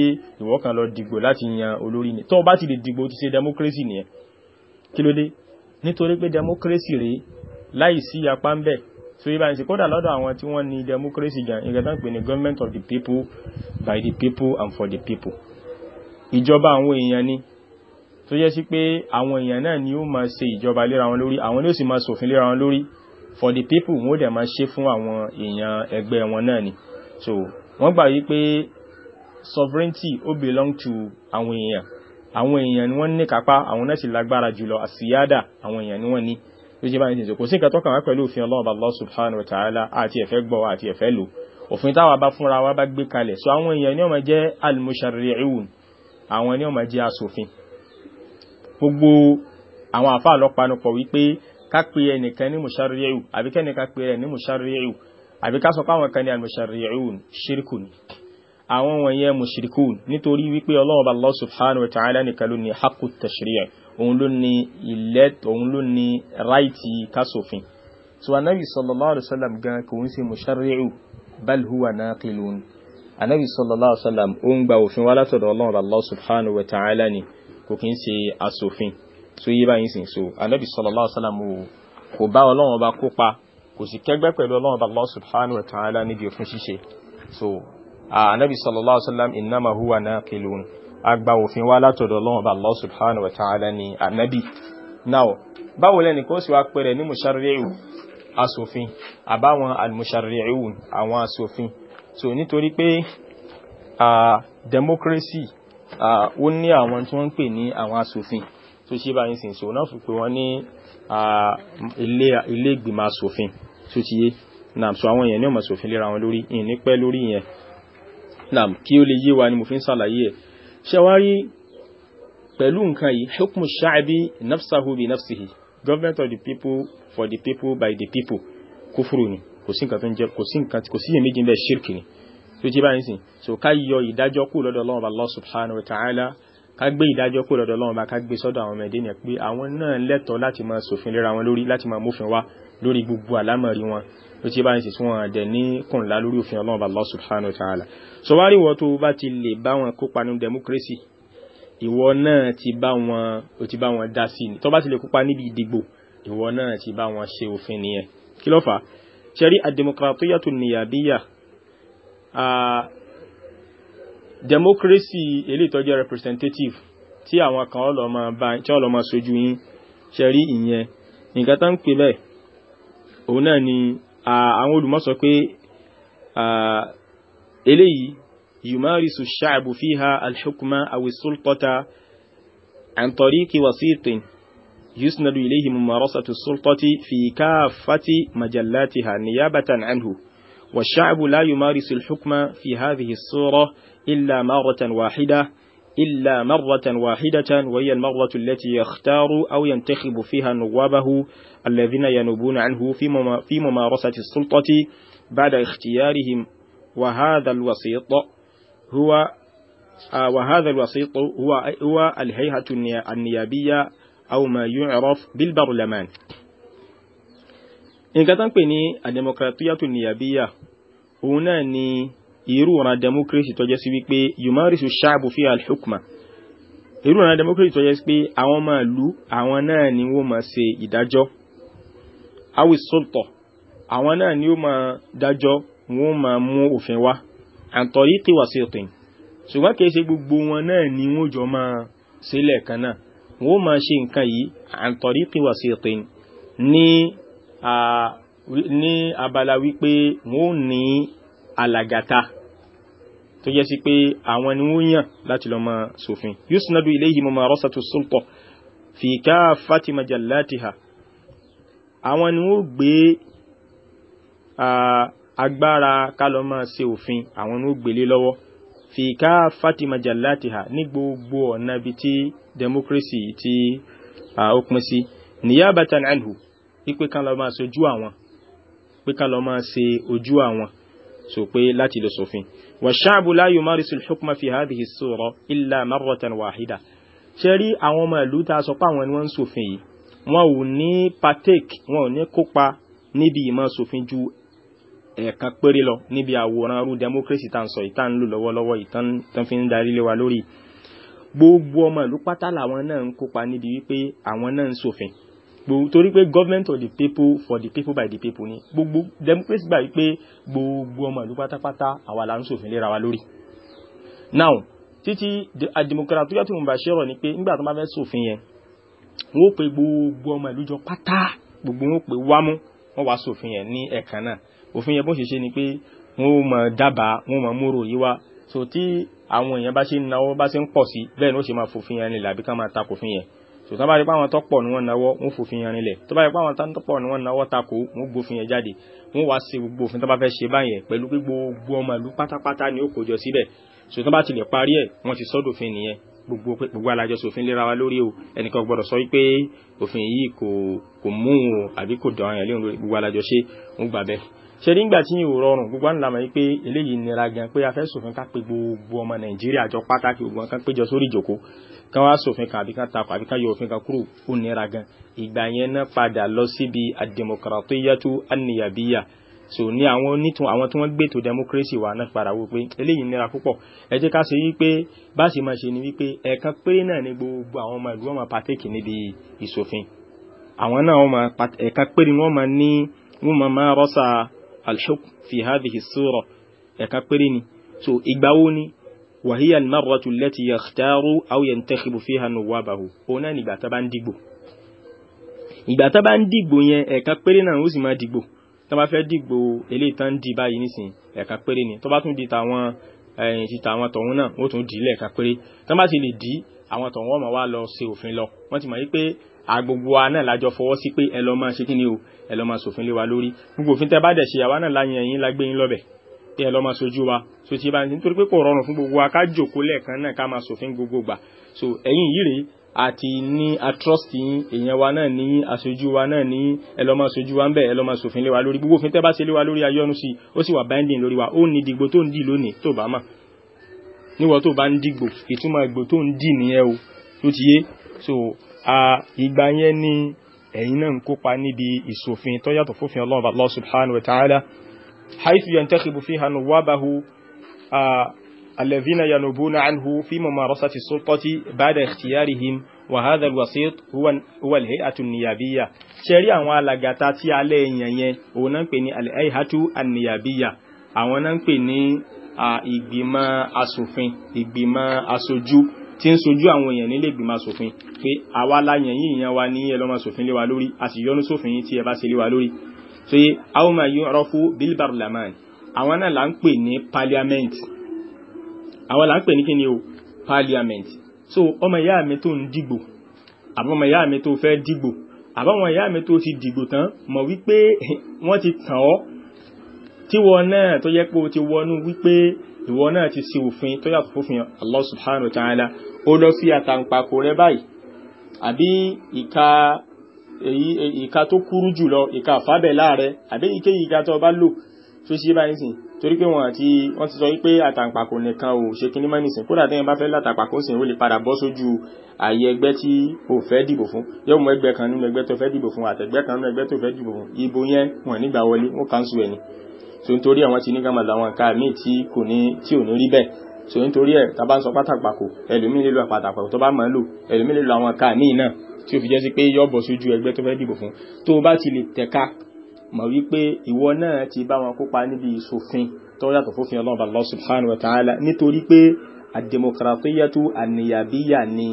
ìwọ kan lọ dìgbò láti yan olórí ni tó o bá ti lè dìgbò o ti ṣe democracy nìyẹn kí ló dé nítorí pé democracy rèé láì sí apá ń bẹ́ẹ̀ so ibà ìsìn kódà lọ́dọ̀ àwọn tí wọ́n ní democracy gan ìgbà tán pè ní government of the people by the people and for the people ìjọba àwọn èèyàn ni tó yẹ sí pé àwọn èèyàn náà ni ó máa ṣe ìjọba léra wọn lórí àwọn ni ó sì máa ṣòfin léra wọn lórí for the people wọn ó dẹ̀ máa ṣe fún àwọn èèyàn ẹgbẹ́ wọn náà ni so wọ́n gbà yí pé sovereignty ó belong to àwọn èèyàn àwọn èèyàn ni wọ́n ní kápá àwọn náà sì lágbára jùlọ àsíyádà àwọn èèyàn ni wọ́n ní ló jẹ́ báyìí kò sí nǹkan tó kàn wá pẹ̀lú òfin ọlọ́run Allah subhanahu wa ta'ala àti ẹ̀fẹ́ gbọ́ àti ẹ̀fẹ́ lò òfin táwa bá fúnra wa bá gbé kalẹ̀ so àwọn èèyàn ní ó máa jẹ́ al-musharri'un àwọn ní ó máa jẹ́ asòfin gbogbo àwọn àfa àlọ́panupọ̀ wípé ká pe ẹnìkan ní musharri'u àbí kẹ́nìkan pe ẹ̀ ní musharri'u àbí ká sọ pé òun ló ní ilẹ̀ òun ló ní ráìtì kásòfin so anabi sallallahu alaihi wasallam gan kò ń ṣe musharri'u bal huwa naqilun anabi sallallahu alaihi wasallam ó ń gba òfin wá látọ̀dọ̀ ọlọ́run allah subhanahu ni kò kí ń ṣe asòfin so yí báyìí sìn so anabi sallallahu alaihi wasallam kò bá ọlọ́run ọba kópa kò sì kẹgbẹ́ pẹ̀lú ọlọ́run ọba allah subhanahu wa ta'ala níbi òfin ṣíṣe so anabi sallallahu agba òfin wá látọ̀dọ̀ Ọlọ́run bá Allah subhanahu wa ta'ala ni anabi. Now báwo lẹ́ni kó sì wá pẹ̀rẹ̀ ní musharri'u asòfin àbáwọn al-musharri'un àwọn asòfin so nítorí pé democracy ó ní àwọn tí wọ́n ń pè ní àwọn asòfin tó ṣe báyìí sìn so náà fi pé wọ́n ní ilé ìgbìmọ̀ asòfin tó ti yé náà so àwọn èèyàn ní ọmọ asòfin lera wọn lórí ìní pẹ́ lórí yẹn náà kí ó lè yé wa ni mo fi ń ṣàlàyé ẹ̀ ṣẹwárí pẹ̀lú nǹkan yìí hukmu sha'bi nafsahu bi nafsihi government of the people for the people by the people kúfúrú ni kò sí nǹkan tó ń jẹ kò sí nǹkan kò ṣírkì ni tó ti báyìí sìn so ká yọ ìdájọ́ kú lọ́dọ̀ Allah subhanahu wa ta'ala ká gbé ìdájọ́ kú lọ́dọ̀ Ọlọ́run bá ká gbé sọ́dọ̀ àwọn ọmọdé ni pé àwọn náà lẹ́tọ̀ọ́ láti máa ṣòfin lera wọn ó ti bá ń sèṣin wọn dẹ̀ ní kùnlá lórí òfin ọlọ́run bá Allah subhanahu wa ta'ala so wá rí ìwọ tó bá ti lè bá wọn kópa nínú democracy ìwọ náà ti bá wọn ó ti bá wọn dá sí ni tó bá ti lè kópa níbi ìdìbò ìwọ náà ti bá wọn ṣe òfin nìyẹn kí ló fà á ṣẹ́rí àdèmọ́kìrátíyàtò nìyàbíyà democracy eléyìí tó representative tí àwọn kan ọlọ́mọ bá tí ọlọ́mọ sojú yín ṣẹ́rí ìyẹn nǹkan tó ń pè bẹ́ẹ̀ àwọn olùmọ̀ sọ pé eléyìí yumarisu sha'bu fiha alhukma awi sultata an tariqi wasitin yusnadu ilayhi mumarasatu sultati fi ha ni kaffati majallatiha niyabatan anhu والشعب لا يمارس الحكم في هذه الصورة إلا مرة واحدة إلا مرة واحدة وهي المرة التي يختار أو ينتخب فيها نوابه الذين ينوبون عنه في ممارسة السلطة بعد اختيارهم وهذا الوسيط هو آه، وهذا الوسيط هو هو الهيئة النيابية أو ما يعرف بالبرلمان. إن ń pè ní àdèmọ̀kìrátíyàtò níyàbíyà òun náà ni ademokiratiyato niyabiya ìrúran democracy tó jẹ́ sí wípé yumarisu ṣáàbù fi alhukma ìrúran democracy tó jẹ́ sí pé àwọn máa lu àwọn náà ni wọ́n máa ṣe ìdájọ́ awi sultọ àwọn náà ni wọ́n máa dájọ́ wọ́n máa mú òfin wá àǹtọ̀rí tí wà sí òtún ṣùgbọ́n kìí ṣe gbogbo wọn náà ni wọ́n jọ máa ṣe lẹ́ẹ̀kan náà wọ́n máa ṣe nǹkan yìí àǹtọ̀rí tí wà sí òtún ní abala wípé wọ́n ní Alagata, tó yẹ sí pé àwọn ni wọ́n yàn láti lọ máa ṣòfin yusnadu ilayhi mamarasatu sulta fi kaafati majallatiha àwọn ni wọ́n gbé agbára ká lọ máa ṣe òfin àwọn ni wọ́n gbélé lọ́wọ́ fi kaafati majallatiha ní gbogbo ọ̀nà ibi tí democracy ti ó pín sí niyabatan anhu pípé ká lọ àwọn so pé láti lè sòfin wà ṣáàbù la yumarisul hukma fi hadhihi sura illa marratan wahida ṣe rí àwọn ọmọ ìlú tá a sọ pé àwọn ẹni wọ́n ń sòfin yìí wọn ò ní partake wọn ò ní kópa níbi ìmọ̀ sòfin ju ẹ̀ẹ̀kan péré lọ níbi àwòrán rú democracy tá à ń sọ ìtàn lù lọ́wọ́lọ́wọ́ ìtàn fi ń darí wa lórí gbogbo ọmọ ìlú pátá làwọn náà ń kópa níbi wípé àwọn náà ń sòfin torí pé government of the people for the people by the people ni gbogbo democracy gbà wípé gbogbo ọmọ ìlú pátápátá àwa la ń ṣòfin lera wa lórí now títí àdìmọ̀kìràtúyà tó ń bá ṣe rọ̀ ni pé nígbà tó bá fẹ́ ṣòfin yẹn wọ́n pe gbogbo ọmọ ìlú jọ pátá gbogbo wọn pe wámú wọ́n wá ṣòfin yẹn ní ẹ̀kan náà òfin yẹn bó ṣe ṣe ni pé wọ́n mọ̀ dábàá wọ́n mọ̀ múrò yìí wá so tí àwọn èèyàn bá ṣe ń náwó bá ṣe ń pọ̀ sí bẹ́ẹ̀ ni ó ṣe máa fòfin yẹn nílẹ̀ àbí ká máa takòfin yẹn so tán bá rí pé àwọn tọ́pọ̀ ni wọ́n náwó wọ́n fòfin yan nílẹ̀ tó bá rí pé àwọn tọ́pọ̀ ni wọ́n náwó takò wọ́n gbófin yẹn jáde wọ́n wá sí gbogbo òfin tó bá fẹ́ ṣe báyẹn pẹ̀lú pé gbogbo ọmọ ìlú pátápátá ni ó kójọ síbẹ̀ so tán bá tilẹ̀ parí ẹ̀ wọ́n ti sọ́dọ̀ òfin nìyẹn gbogbo gbogbo alájọ sòfin lera wa lórí o ẹnìkan gbọ́dọ̀ sọ wípé òfin yìí kò kò mú un àbí kò dán yẹn lórí gbogbo alájọ ṣe ń gbà bẹ́ẹ̀ ṣe nígbà tí yìí ò rọrùn gbogbo àwọn ìlànà yìí pé eléyìí nira gan pé a fẹ́ ṣòfin ká pé gbogbo ọmọ nàìjíríà jọ pàtàkì gbogbo wọn kan péjọ sórí ìjókòó kan wá ṣòfin kan àbí kan takò àbí kan yọ òfin kan kúrò ó nira gan ìgbà yẹn náà padà lọ síbi àdèmọkàràtóyàtú àníyàbíyà so ní àwọn onítun àwọn tí wọ́n gbé ètò democracy wa náà padà wò pé eléyìí nira púpọ̀ ẹ jẹ́ ká ṣe wípé bá máa ṣe ni wípé ẹ̀ẹ̀kan péré náà ni gbogbo àwọn ọmọ ìlú wọn máa pàtẹ́kì níbi ìṣòfin àwọn náà wọn máa ẹ̀ẹ̀kan wọn máa ní wọn máa máa alḥukm fi hadhihi sura ẹ̀ka péré ni so ìgbà wo ni wàhíyà almaratu lẹ́tì yakhtaru aw yantakhibu fiha nuwabahu òun náà nígbà tá bá ń dìgbò ìgbà tá bá ń dìgbò yẹn ẹ̀ka péré náà ó sì máa dìgbò tá bá fẹ́ dìgbò eléyìí tán di báyìí nísìnyí ẹ̀ka péré ni tó bá tún di tàwọn ẹ̀yìn ti tàwọn tọ̀hún náà wọ́n tún dì í lẹ́ẹ̀ka péré tó bá ti lè dì í àwọn tọ̀hún wọ́n máa wá lọ ṣe òfin lọ ti mọ̀ yí pé agbogbo wa náà lájọ fọwọ́ sí pé ẹ lọ máa ṣe kí ni o ẹ lọ máa ṣòfin lé wa lórí gbogbo òfin tẹ bá dẹ̀ ṣe àwa náà láyìn ẹ̀yìn lágbé yín lọ́bẹ̀ pé ẹ lọ máa ṣojú wa so tí bá ń nítorí pé kò rọrùn fún gbogbo wa ká jòkó lẹ́ẹ̀kan náà ká máa ṣòfin gbogbo gbà so ẹ̀yìn yìí rèé àti ní atrust yín èèyàn wa náà ní aṣojú wa náà ní ẹ lọ máa ṣojú wa ń bẹ̀ ẹ lọ máa ṣòfin lé wa lórí gbogbo òfin tẹ bá ṣe lé wa lórí ayọ́nu sí ó sì wà binding lórí wa ó ní dìgbò tó ń dì lónìí tó bá mà níwọ̀ tó bá ń dìgbò ìtumọ̀ ìgbò tó ń dì nìyẹn o tó ti yé so ìgbà yẹn ni ẹ̀yin náà ń kópa níbi ìṣòfin tó yàtọ̀ fófin ọlọ́run Allah subhanahu wa ta'ala haythu yantakhibu fiha nuwabahu الذين ينوبون عنه في ممارسة السلطة بعد اختيارهم وهذا الوسيط هو هو الهيئة النيابية ṣẹ̀rí àwọn alàgàtà tí a lè yàn yẹn òun náà ń pè ní al-hay'atu tí ń sojú àwọn èèyàn nílé ìgbìmọ̀ asòfin pé àwa láyàn yìí ìyẹn wa ní ẹlọ́mọ sòfin lé wa lórí a sì yọnu sófin yìí tí ẹ bá ṣe lé wa lórí so yé àwọn máa yọ ọ̀rọ̀ fún bil barlaman àwọn náà là ń pè ní parliament àwọn là ń pè ní kíni o parliament so ọmọ ìyá mi tó ń dìgbò àbọ̀ ọmọ ìyá mi tó fẹ́ dìgbò àbọ̀ ọmọ ìyá mi tó ti dìgbò tán mọ̀ wípé wọ́n ti tàn ọ́ tíwọ náà tó yẹ pé o ti wọnú wípé ìwọ náà ti sí òfin tó yàtọ̀ fófin Allah subhanahu wa ta'ala ó lọ sí àtàǹpàkò rẹ báyìí àbí ìka èyí ìka tó kúrú jùlọ ìka àfábẹ̀lá rẹ àbí ìkéyìí ìka tó bá lò tó ṣe báyìí sìn torí pé wọn àti wọn ti sọ wípé àtàǹpàkò nìkan ò ṣe kíní mọ́ nìsín kódà téèyàn bá fẹ́ látàǹpàkò sìn ó lè padà bọ́ sójú ààyè ẹgbẹ́ tí ò fẹ́ dìbò fún yóò mú ẹgbẹ́ kan nínú ẹgbẹ́ tó fẹ́ dìbò fún àtẹ̀gbẹ́ kan nínú ẹgbẹ́ tó fẹ́ dìbò fún ìbò yẹn wọn nígbà wọlé wọn kàn sùn ẹni so nítorí àwọn ti ní ká máa làwọn nǹkan míì tí kò ní tí ò ní rí bẹ́ẹ̀ so nítorí ẹ̀ tá a bá ń sọ pátápàkò ẹlòmíì lè lo àpàtàpàkò tó bá máa lò ẹlòmíì lè lo àwọn nǹkan míì náà tí ó fi jẹ́ sí pé yọ́ bọ̀ sójú ẹgbẹ́ tó fẹ́ dìbò fún tó bá ti lè tẹ̀ka mọ̀ wípé ìwọ náà ti bá wọn kópa níbi ìṣòfin tó yàtọ̀ fófin ọlọ́run Allah subhanahu wa ta'ala nítorí pé àdèmọ̀kàràfíyàtú àníyàbíyà ni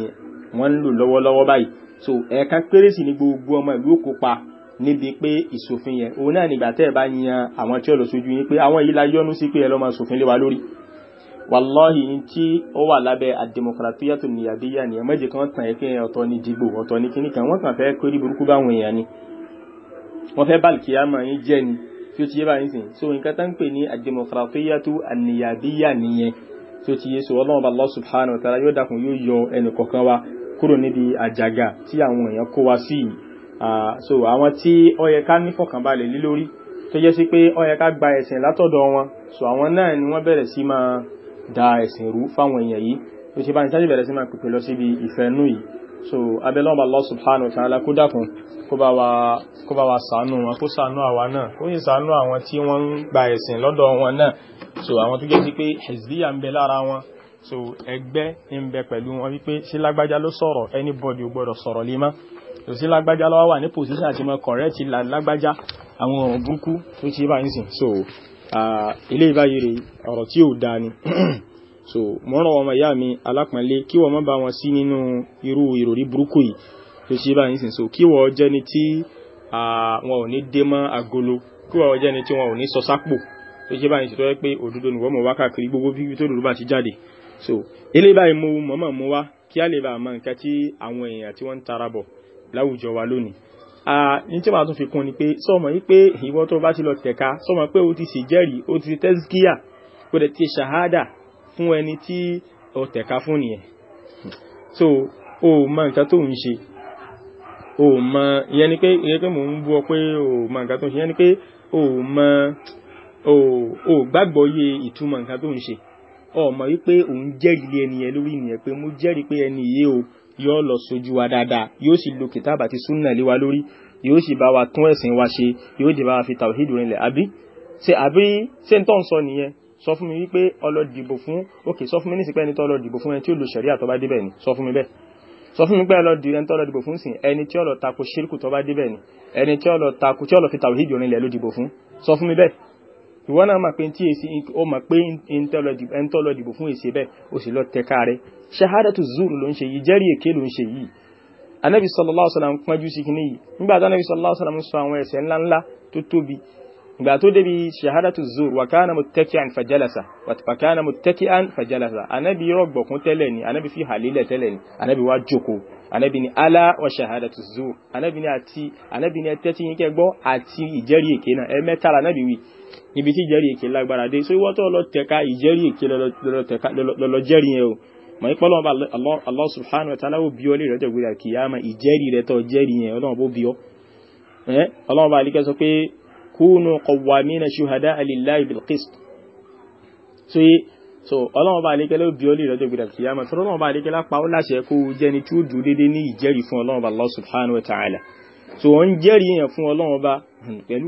wọ́n ń lò lọ́wọ́lọ́wọ́ báyìí so ẹ̀ka péré sì ni gbogbo ọmọ ìlú kópa níbi pé ìṣòfin yẹn òun náà nígbà tẹ́ ẹ̀ bá yan àwọn tí ó lọ sójú yín pé àwọn yìí la yọ́nú sí pé ẹ lọ́ máa ṣòfin lé wa lórí wàláhì ní tí ó wà lábẹ́ àdèmọ̀kìràtíyàtò nìyàbíyà ni ẹ̀mẹ́jì kan tàn ẹ́ pé ọ̀tọ̀ ní dìgbò ọ̀tọ̀ ní kíní kan wọ́n kàn fẹ́ kórí burúkú báwọn èèyàn ni wọ́n fẹ́ báàlì kìyàmọ̀ yín jẹ́ ni tí ó ti yé báyìí sìn so nǹkan tá ń pè ní àdèmọ̀kìràtíyàtò nìyàbíyà nìyẹn tí ó ti yé so ọlọ́run Allah subhanahu wa ta'ala yóò dákun yóò yọ ẹnì kọ̀ọ̀kan wa kúrò níbi àjàgà tí àwọn èèyàn kó wa sí yìí Ah, so àwọn tí ó yẹ ká nífọ̀kànbalẹ̀ lé lórí tó jẹ́ sí pé ó yẹ ká gba ẹ̀sìn látọ̀dọ̀ wọn so àwọn náà ni wọ́n bẹ̀rẹ̀ sí máa da ẹ̀sìn rú fáwọn èèyàn yìí tó ṣe bá ní sájú bẹ̀rẹ̀ sí máa pèpè lọ síbi ìfẹ́nú yìí so abẹ́lọ́mà Allah subhanahu wa ta'ala kó dákun kó bá wa ṣàánú wọn kó ṣàánú àwa náà kó sì ṣàánú àwọn tí wọ́n ń gba ẹ̀sìn lọ́dọ̀ wọn náà so àwọn tó jẹ́ sí pé hizbiyya ń bẹ lára wọn so ẹgbẹ́ ń bẹ pẹ̀lú wọn wípé ṣe lágbájá ló sọ̀rọ̀ anybody ò gbọ́dọ̀ sọ̀rọ̀ lé mọ́ kò sí lágbájá lọ́wọ́ wà ní pòsíṣà àti mọ correct lágbájá àwọn ọ̀rọ̀ burúkú tó ti bá ń sìn so ilé ìbáyìí rè ọ̀rọ̀ tí ò dáa ni so mo ràn wọn ìyá mi alápọ̀nlé kí wọ́n má bá wọn sí nínú irú ìròrí burúkú yìí tó ti bá ń sìn so kí wọ́n jẹ́ni tí wọn ò ní dé mọ́ agolo kí wọ́n jẹ́ni tí wọn ò ní sọ sápò tó ṣe báyìí tó yẹ pé òdodo ni wọ́n mọ̀ wá gbogbo bí tó dòdò bá ti jáde so eléyìí báyìí mo mọ̀mọ́ mo wá kí á lè bá a mọ nǹkan tí àwọn èèyàn tí wọ́n ń tara bọ̀ láwùjọ wa lónìí ní tí màá tún fi kún ni pé sọmọ yìí pé ìwọ tó bá ti lọ tẹ̀ka sọmọ pé o ti sì jẹ́rìí o ti tẹ́síkíyà o dẹ̀ ti ṣàhádà fún ẹni tí o tẹ̀ka fún nìyẹn so o mọ nǹkan tó ń ṣe o mọ ìyẹn ni pé ìyẹn pé mò ń bú ọ pé o mọ nǹkan tó ń ṣe ìyẹn ni pé o mọ o o gbàgbọ́ yé ìtumọ̀ nǹkan tó ń ṣe ọmọ yìí pé òun jẹ́rìí lé ẹni yẹn lórí nìyẹn pé mo jẹ́rìí pé ẹni yìí o yóò lọ sojú wa dáadáa yóò sì lo kìtàbù àti súnà lé wa lórí yóò sì bá wa tún ẹ̀sìn wa ṣe yóò dì bá wa fi tàwíìdì rinlẹ̀ àbí ṣe àbí ṣe ń tọ́ ń sọ nìyẹn sọ fún mi wípé ọlọ́dìbò fún òkè sọ fún mi nísìpẹ́ ẹni tó ọlọ́dìbò fún ẹni tí ó lo ṣẹ̀ríà tó bá débẹ̀ ni sọ fún mi bẹ́ẹ̀ sọ fún mi pé ẹni tó ọlọ́dìbò fún sìn ẹni tí ó ṣírkù tó débẹ̀ ni ẹni tí ó tí ó lọ fi tàwíìdì ló dìbò fún sọ fún mi bẹ́ẹ̀ ìwọ náà máa pe tí èsì ó máa pé ẹntọ́lọ́dìbò fún èsì bẹ́ẹ̀ ó sì lọ tẹ́ka rẹ̀ ṣahadatu zuru ló ń ṣe yìí jẹ́rìí èké ló ń ṣe yìí anabi sallallahu alaihi wasallam pọ́njú sí kìíní yìí nígbà tí anabi sallallahu alaihi wasallam sọ àwọn ẹ̀ṣẹ̀ ńláńlá tó tóbi ìgbà tó débi ṣahadatu zuru wa kana muttaki'an fajalasa anábì ní alá wa ṣahadatu zur anábì ní àti anábì ní ẹtẹ́ tí yín kẹ́ gbọ́ àti ìjẹ́rìí èké náà ẹ mẹ́ta la anábì wí níbi tí ìjẹ́rìí èké lágbára dé so ìwọ́tọ̀ lọ tẹ̀ka ìjẹ́rìí èké lọ́lọ́ jẹ́rìí yẹn o mọ̀ ní pọ́lọ́mọba Allah subhanahu wa ta'ala ó bí ọ lè rẹ́jọ̀ gbéra kìyàmà ìjẹ́rìí rẹ̀ tọ́ jẹ́rìí yẹn ọlọ́run bó bí so ọlọ́run bá àlékẹ́ ló bí ó lè lọ́jọ́ gbèdà kìyàmà tó ọlọ́run bá àlékẹ́ lápá ó láṣẹ kó jẹni tí ó dùn déédéé ní ìjẹ́rìí fún ọlọ́run bá Allah subhanahu wa ta'ala so wọ́n ń jẹ́rìí yẹn fún ọlọ́run bá pẹ̀lú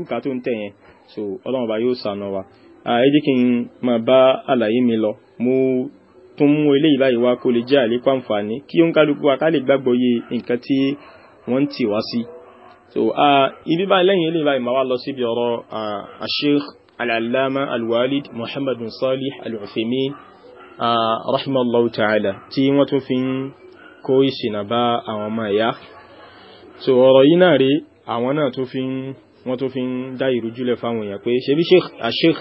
so ọlọ́run bá yóò sànà wa ẹ jẹ́ kí n máa bá àlàyé mi lọ mo tún mú eléyìí báyìí wá kó lè jẹ́ àlékún so ibi báyìí lẹ́yìn eléyìí báyìí máa wá lọ síbi ọ̀rọ̀ Sheikh alàlámà alwalid muhammad bin salih al-uthaymin rahimallahu ta'ala tí wọ́n tún fi ń kó ìṣìnà bá àwọn ọmọ ẹ̀yà so ọ̀rọ̀ yìí náà rí àwọn náà tún fi ń wọ́n tún fi ń dá ìrújúlẹ̀ fáwọn èèyàn pé ṣe bí sheikh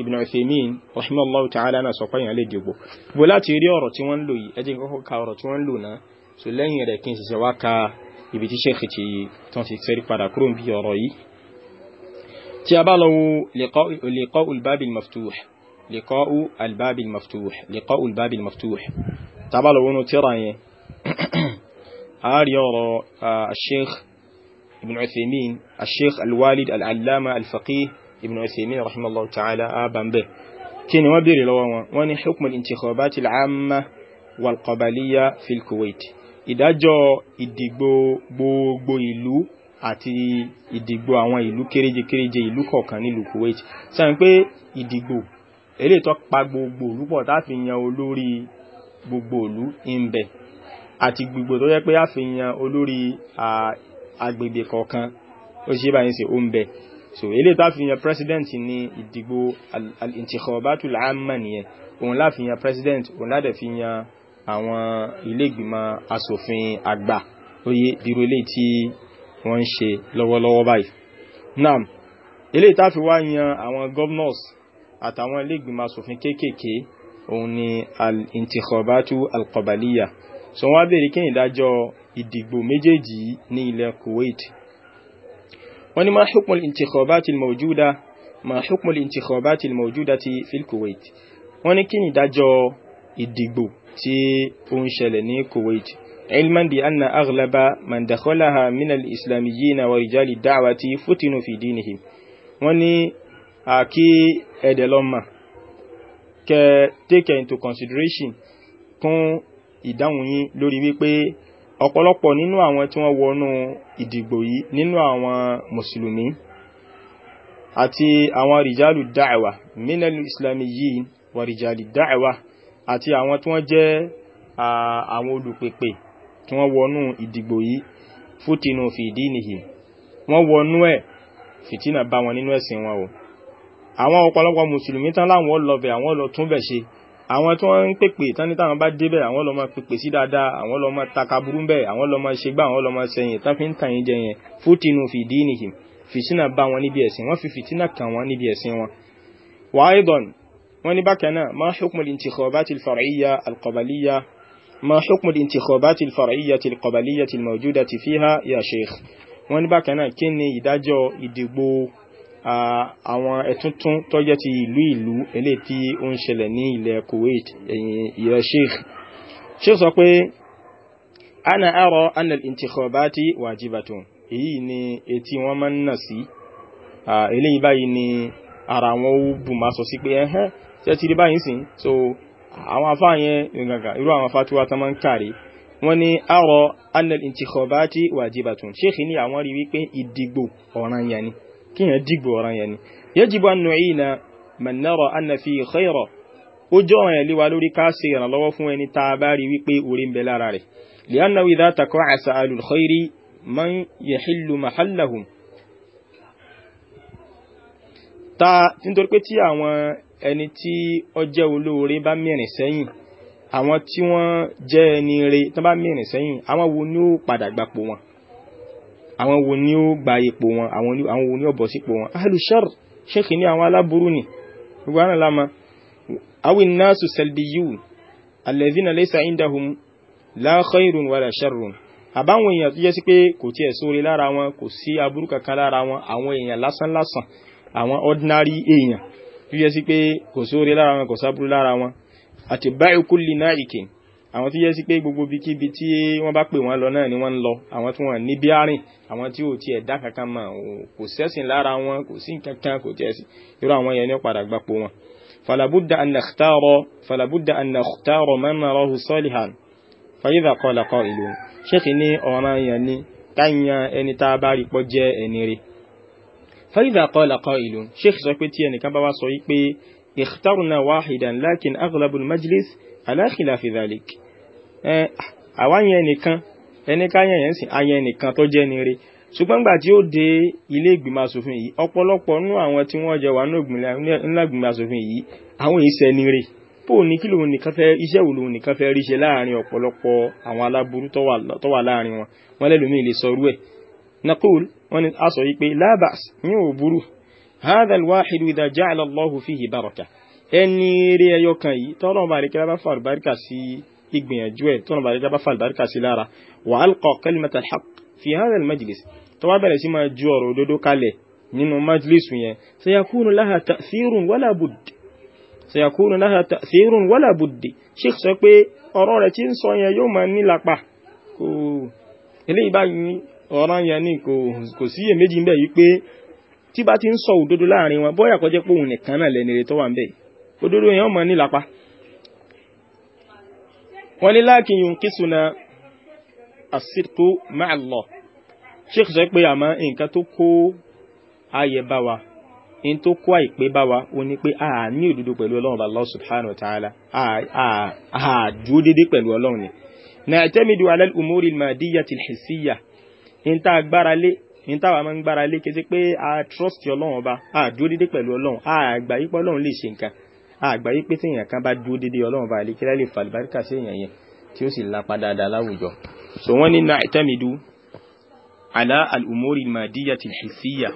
ibn uthaymin rahimallahu ta'ala náà sọ pé èèyàn lè dìbò bó láti rí ọ̀rọ̀ tí wọ́n ń lò yìí ẹ jẹ́ kọ́kọ́ so lẹ́yìn rẹ̀ kí n ṣiṣẹ́ wá ka ibi tí sheikh ti tán تيابالو لقاء لقاء الباب المفتوح لقاء الباب المفتوح لقاء الباب المفتوح تابالو ونو تيراي هاري يورو آه، الشيخ ابن عثيمين الشيخ الوالد العلامة الفقيه ابن عثيمين رحمه الله تعالى آبان آه، به كين وابيري لوان واني حكم الانتخابات العامة والقبلية في الكويت إذا جو إدبو بو بو إلو àti ìdìgbò àwọn ìlú kéréje kéréje ìlú kọ̀ọ̀kan nílùú Kuwait sẹ́yìn pé ìdìgbò eléyìí tó pa gbogbo òlú pọ̀ tá a fi yan olórí gbogbo òlú ń àti gbogbo tó jẹ́ pé a fi yan olórí agbègbè kọ̀ọ̀kan ó ṣe báyìí ṣe ó so eléyìí tá a fi yan president ní ìdìgbò al-intikhabatul nìyẹn òun la fi yan president òun láti fi yan àwọn ilé ìgbìmọ̀ asòfin àgbà ó yé bírò wọ́n ń ṣe lọ́wọ́lọ́wọ́ báyìí nam eléyìí tá fi wá yan àwọn governors àtàwọn ilé ìgbìmọ̀ asòfin kéékèèké òun ni al-intikhobatu al-qabaliya so wọ́n á béèrè kí ìdájọ́ ìdìgbò méjèèjì ní ilẹ̀ Kuwait wọ́n ní ma hukmu al-intikhobati al-mawjuda ma hukmu al-intikhobati al-mawjudati fil Kuwait wọ́n ní kí ìdájọ́ ìdìgbò tí ó ń ṣẹlẹ̀ ní Kuwait علما بأن أغلب من دخلها من الإسلاميين ورجال الدعوة فتنوا في دينهم وني ní أدلما. ك take into consideration fún ìdáhùn yín lórí wípé ọ̀pọ̀lọpọ̀ nínú àwọn tí wọ́n wọnú ìdìgbò yìí nínú àwọn mùsùlùmí àti àwọn rìjálù dáẹ̀wà mínẹ́lù islami yìí wà rìjálù dáẹ̀wà àti àwọn tí wọ́n jẹ́ àwọn olùpèpè kí wọ́n wọnú ìdìgbò yìí fútinú fi ìdí nìyí wọ́n wọnú ẹ̀ fìtínà bá wọn nínú ẹ̀sìn wọn o àwọn ọ̀pọ̀lọpọ̀ mùsùlùmí tán láwọn lọ́bẹ̀ àwọn lọ tún bẹ̀ àwọn tí wọ́n ń pèpè tán ní táwọn bá débẹ̀ àwọn lọ pèpè sí dáadáa àwọn lọ takaburú bẹ́ẹ̀ àwọn lọ máa àwọn lọ máa tán fi ń tàn yín jẹ yẹn fútinú fi ìdí nìyí fìtínà bá wọn níbi ẹ̀sìn wọ́n fi fìtínà kàn wọ́n níbi ẹ̀sìn wọn. wàá ìdọ̀n wọ́n ní bákan náà máa hukmul intikhabatil far'iyya al-qabaliyya ما حكم الانتخابات الفرعية القبلية الموجودة فيها يا شيخ wọ́n ní bákan náà kí ni ìdájọ́ ìdìbò àwọn ẹ̀túntún tó jẹ́ ti ìlú ìlú eléyìí tí ó ń ṣẹlẹ̀ ní ilẹ̀ Kuwait ìrẹ̀ sheikh sheikh sọ pé ana ara anna al-intikhabati wajibatun èyí ni etí wọ́n máa ń nà sí eléyìí báyìí ni ara wọn ó bù máa sọ sí pé ẹ̀hẹ́ tẹ́tí rí báyìí sìn so àwọn afá yẹn ìgbàgbà irú àwọn afá tí wá tán máa ń kàrí wọ́n ní àrọ̀ anil intikhobati wajibatun sheikh ní àwọn rí wípé ìdìgbò ọ̀ràn yẹn ni kí yẹn dìgbò ọ̀ràn yẹn ni yajibu an nu'ina man nara anna fi khayra ó jọ ọ̀ràn yẹn lé lórí ká ìrànlọ́wọ́ fún ẹni tá a bá rí wípé orí ń bẹ lára rẹ̀ li'annahu idha taqa'asa alul ta ẹni tí ó jẹ́ olóore bá mẹ́rin sẹ́yìn àwọn tí wọ́n jẹ́ ẹni re tán bá mẹ́rin sẹ́yìn àwọn wo ni ó padà gbapò wọn àwọn wo ni ó gba ipò wọn àwọn wo ni ó bọ̀ sípò wọn ahlùsọ́r ṣéèkì ní àwọn aláburú ni gbogbo àwọn àlámà awin nasu salbiyun alladhina laysa indahum la khairun wala sharrun àbáwọn èèyàn tó jẹ́ sí pé kò tiẹ̀ sóore lára wọn kò sí aburú kankan lára wọn àwọn èèyàn lásán àwọn ordinary èèyàn tó yẹ sí pé kò sóore lára wọn kò sábúrú lára wọn àti báyìí kú lè náà ìkìn àwọn tó yẹ sí pé gbogbo ibikíbi tí wọ́n bá pè wọ́n lọ náà ni wọ́n lọ àwọn tí wọ́n ní bí àárín àwọn tí ò ti ẹ̀dá kankan mọ̀ kò sẹ́sìn lára wọn kò sí kankan kò jẹ́ sí irú àwọn yẹn ní padà gbapò wọn. falabudda an nakhtaro falabudda an nakhtaro man ṣéèkì ní ọ̀ràn yẹn ni káyàn ẹni tá a bá rí pọ́ jẹ́ ẹni rí فإذا قال قائل شيخ سكوتي أن كبابا صويبي اخترنا واحدا لكن أغلب المجلس على خلاف ذلك àwọn yẹn nìkan ẹni ká yẹn yẹn sìn ayẹn nìkan tó jẹ́ nire ṣùgbọ́n gbà tí ó dé ilé ìgbìmọ̀ asòfin yìí ọ̀pọ̀lọpọ̀ nú àwọn tí wọ́n jẹ wà nínú ìgbìmọ̀ asòfin yìí àwọn yìí sẹ́ nire pò ní kí lòun nìkan fẹ́ iṣẹ́ wo lòun nìkan fẹ́ rí láàrin ọ̀pọ̀lọpọ̀ àwọn aláburú tó wà láàrin wọn wọn lẹ́lòmíì lè sọ irú ẹ̀ nakul wọ́n ni a sọ yí pé labas ní ò burú hadal wahid idha ja'ala Allahu fihi baraka ẹni rí ẹyọ kan yìí tọ́nà bá rí kílábà fà àlùbáríkà sí ìgbìyànjú ẹ̀ tọ́nà bá rí kílábà fà àlùbáríkà sí lára wa alqa kalimatal haqq fi hadal majlis tó wá bẹ̀rẹ̀ sí máa ju ọ̀rọ̀ òdodo kalẹ̀ nínú majlisu yẹn sayakunu laha ta'thirun wala buddi sayakunu laha ọ̀ràn yẹn ni kò síyè méjì ń bẹ̀ yìí pé tí bá ti ń sọ òdodo láàrin wọn bóyá kọjá pé òun nìkan náà lẹ́ni rẹ̀ tó wà ń bẹ̀ òdodo yẹn ọmọ nílapa wọ́n ní láàkì yun kí suna àsìkò máa lọ sheikh sọ pé àmọ́ nǹkan tó kó ayẹ bá wa in tó kó àìpé bá wa ó ní pé a ní òdodo pẹ̀lú ọlọ́run Allah subhanahu wa ta'ala a dúó dédé pẹ̀lú ọlọ́run ni na àtẹ́mìdù alal umuri al-madiyyati al ń tá a gbára lé ń tá a máa ń gbára lé kété pé a trust ọlọ́run ọba a dúró dédé pẹ̀lú ọlọ́run a gbà yí pé ọlọ́run lè ṣe nǹkan a gbà yí pé tí èèyàn kan bá dúró dédé ọlọ́run ọba àlékírá lè fà àlùbáríkà sí èèyàn yẹn tí ó sì lapa dáadáa láwùjọ. so wọ́n ní náà ala alá alùmórì màdíyà ti hìsíyà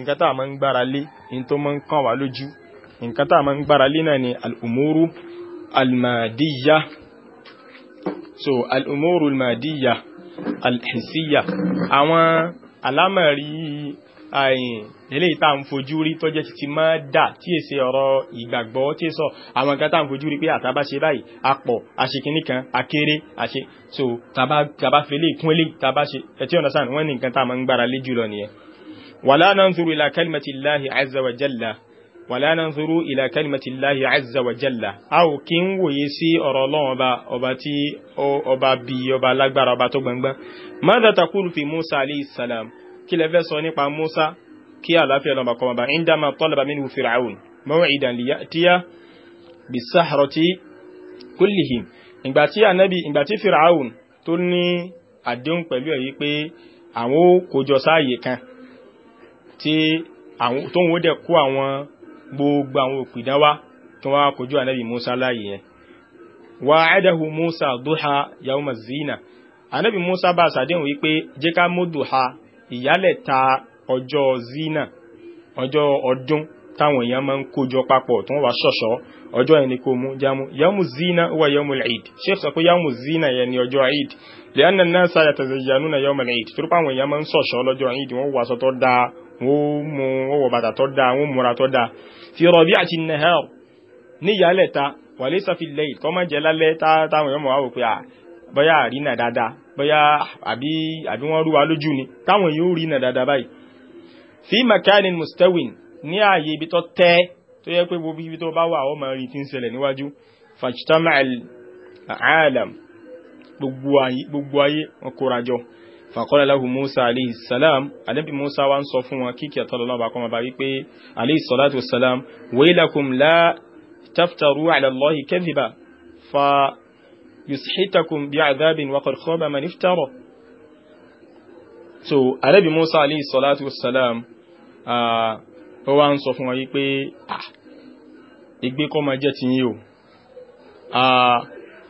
nǹkan tá a máa ń gbára lé ní tó máa ń kàn wá lójú nǹkan tá a máa ń gbára lé náà ni alùmórù almàdíyà so alùmórù almàdíyà alhisiya àwọn alámọ̀rí àyìn eléyìí tá à ń fojú rí tó jẹ́ títí máa dà tí èsè ọ̀rọ̀ ìgbàgbọ́ tí èsọ àwọn nǹkan tá à ń fojú rí pé àtàbá ṣe báyìí apọ̀ àṣekínní kan akéré àṣe so tàbá tàbá fele kún eléyìí tàbá ṣe ẹtí ọ̀nà sáà wọ́n ní nǹkan tá à máa ń gbára lé jùlọ nìyẹn. wàlá ń zuru ìlà kalimati Allahi azza wa wàlá nanzuru ila kalimati Allahi azza wa jalla a ò kí ń wòye sí ọ̀rọ̀ ọlọ́run ọba ọba tí ọba bí ọba alágbára ọba tó gbangban madha taqulu fi musa alayhi salam kí lẹ fẹ́ sọ nípa musa kí àlàáfíà lọ́ba kọ́ ọba indama talaba minhu fir'aun maw'idan liya'tiya bisahrati kullihim ìgbà tí anabi ìgbà tí fir'aun tó ní àdéhùn pẹ̀lú ẹ̀ yí pé àwọn ó sáàyè kan tí tó ń wó dẹ̀ kó àwọn gbogbo àwọn òpìdán wá kí wọ́n kojú ànábì Musa láàyè yẹn wa'adahu Musa duha yawma mazina, ànábì Musa bá sàdéhùn wípé jẹ́ mú duha ìyálẹ̀ ta ọjọ́ zina ọjọ́ ọdún táwọn èèyàn máa ń kójọ papọ̀ tí wọ́n wá ṣọ̀ṣọ́ ọjọ́ yẹn ni kò mú jámú yawmu zina wà yawmu al-eid sheikh sọ pé yawmu zina yẹn ni ọjọ́ eid li'anna an-nasa yatazayyanuna yawma al-eid torí pé àwọn èèyàn máa ń ṣọ̀ṣọ́ wọ́n mú wọ́n bàtà tó dáa wọ́n múra tó dáa fi rabi'ati an-nahar ní ìyálẹ̀ta wa laysa fil layl kọ́ máa jẹ́ lálẹ́ táwọn èèyàn mọ̀ wá wò pé bóyá àrínà dáadáa bóyá àbí àbí wọ́n rú wa lójú ni táwọn yóò rí nà dáadáa báyìí fi makanin mustawin ní ààyè ibi tó tẹ́ tó yẹ pé gbogbo ibi tó bá wà ó máa tí ń ṣẹlẹ̀ níwájú fajtama'al alam gbogbo ayé wọn kóra fàkọ́lá lahu musa alayhi salam anabi musa wa ń sọ fún wọn kíkì àtọ́lọ́lọ́ bá kọ́mọ bá wípé alayhi salatu salam wailakum la taftaru ala allahi kadhiba fa yushitakum bi adhabin wa qad khaba man so anabi musa alayhi salatu salam ó wá ń sọ fún wọn wípé ah ìgbé kọ́ máa jẹ́ tiyín o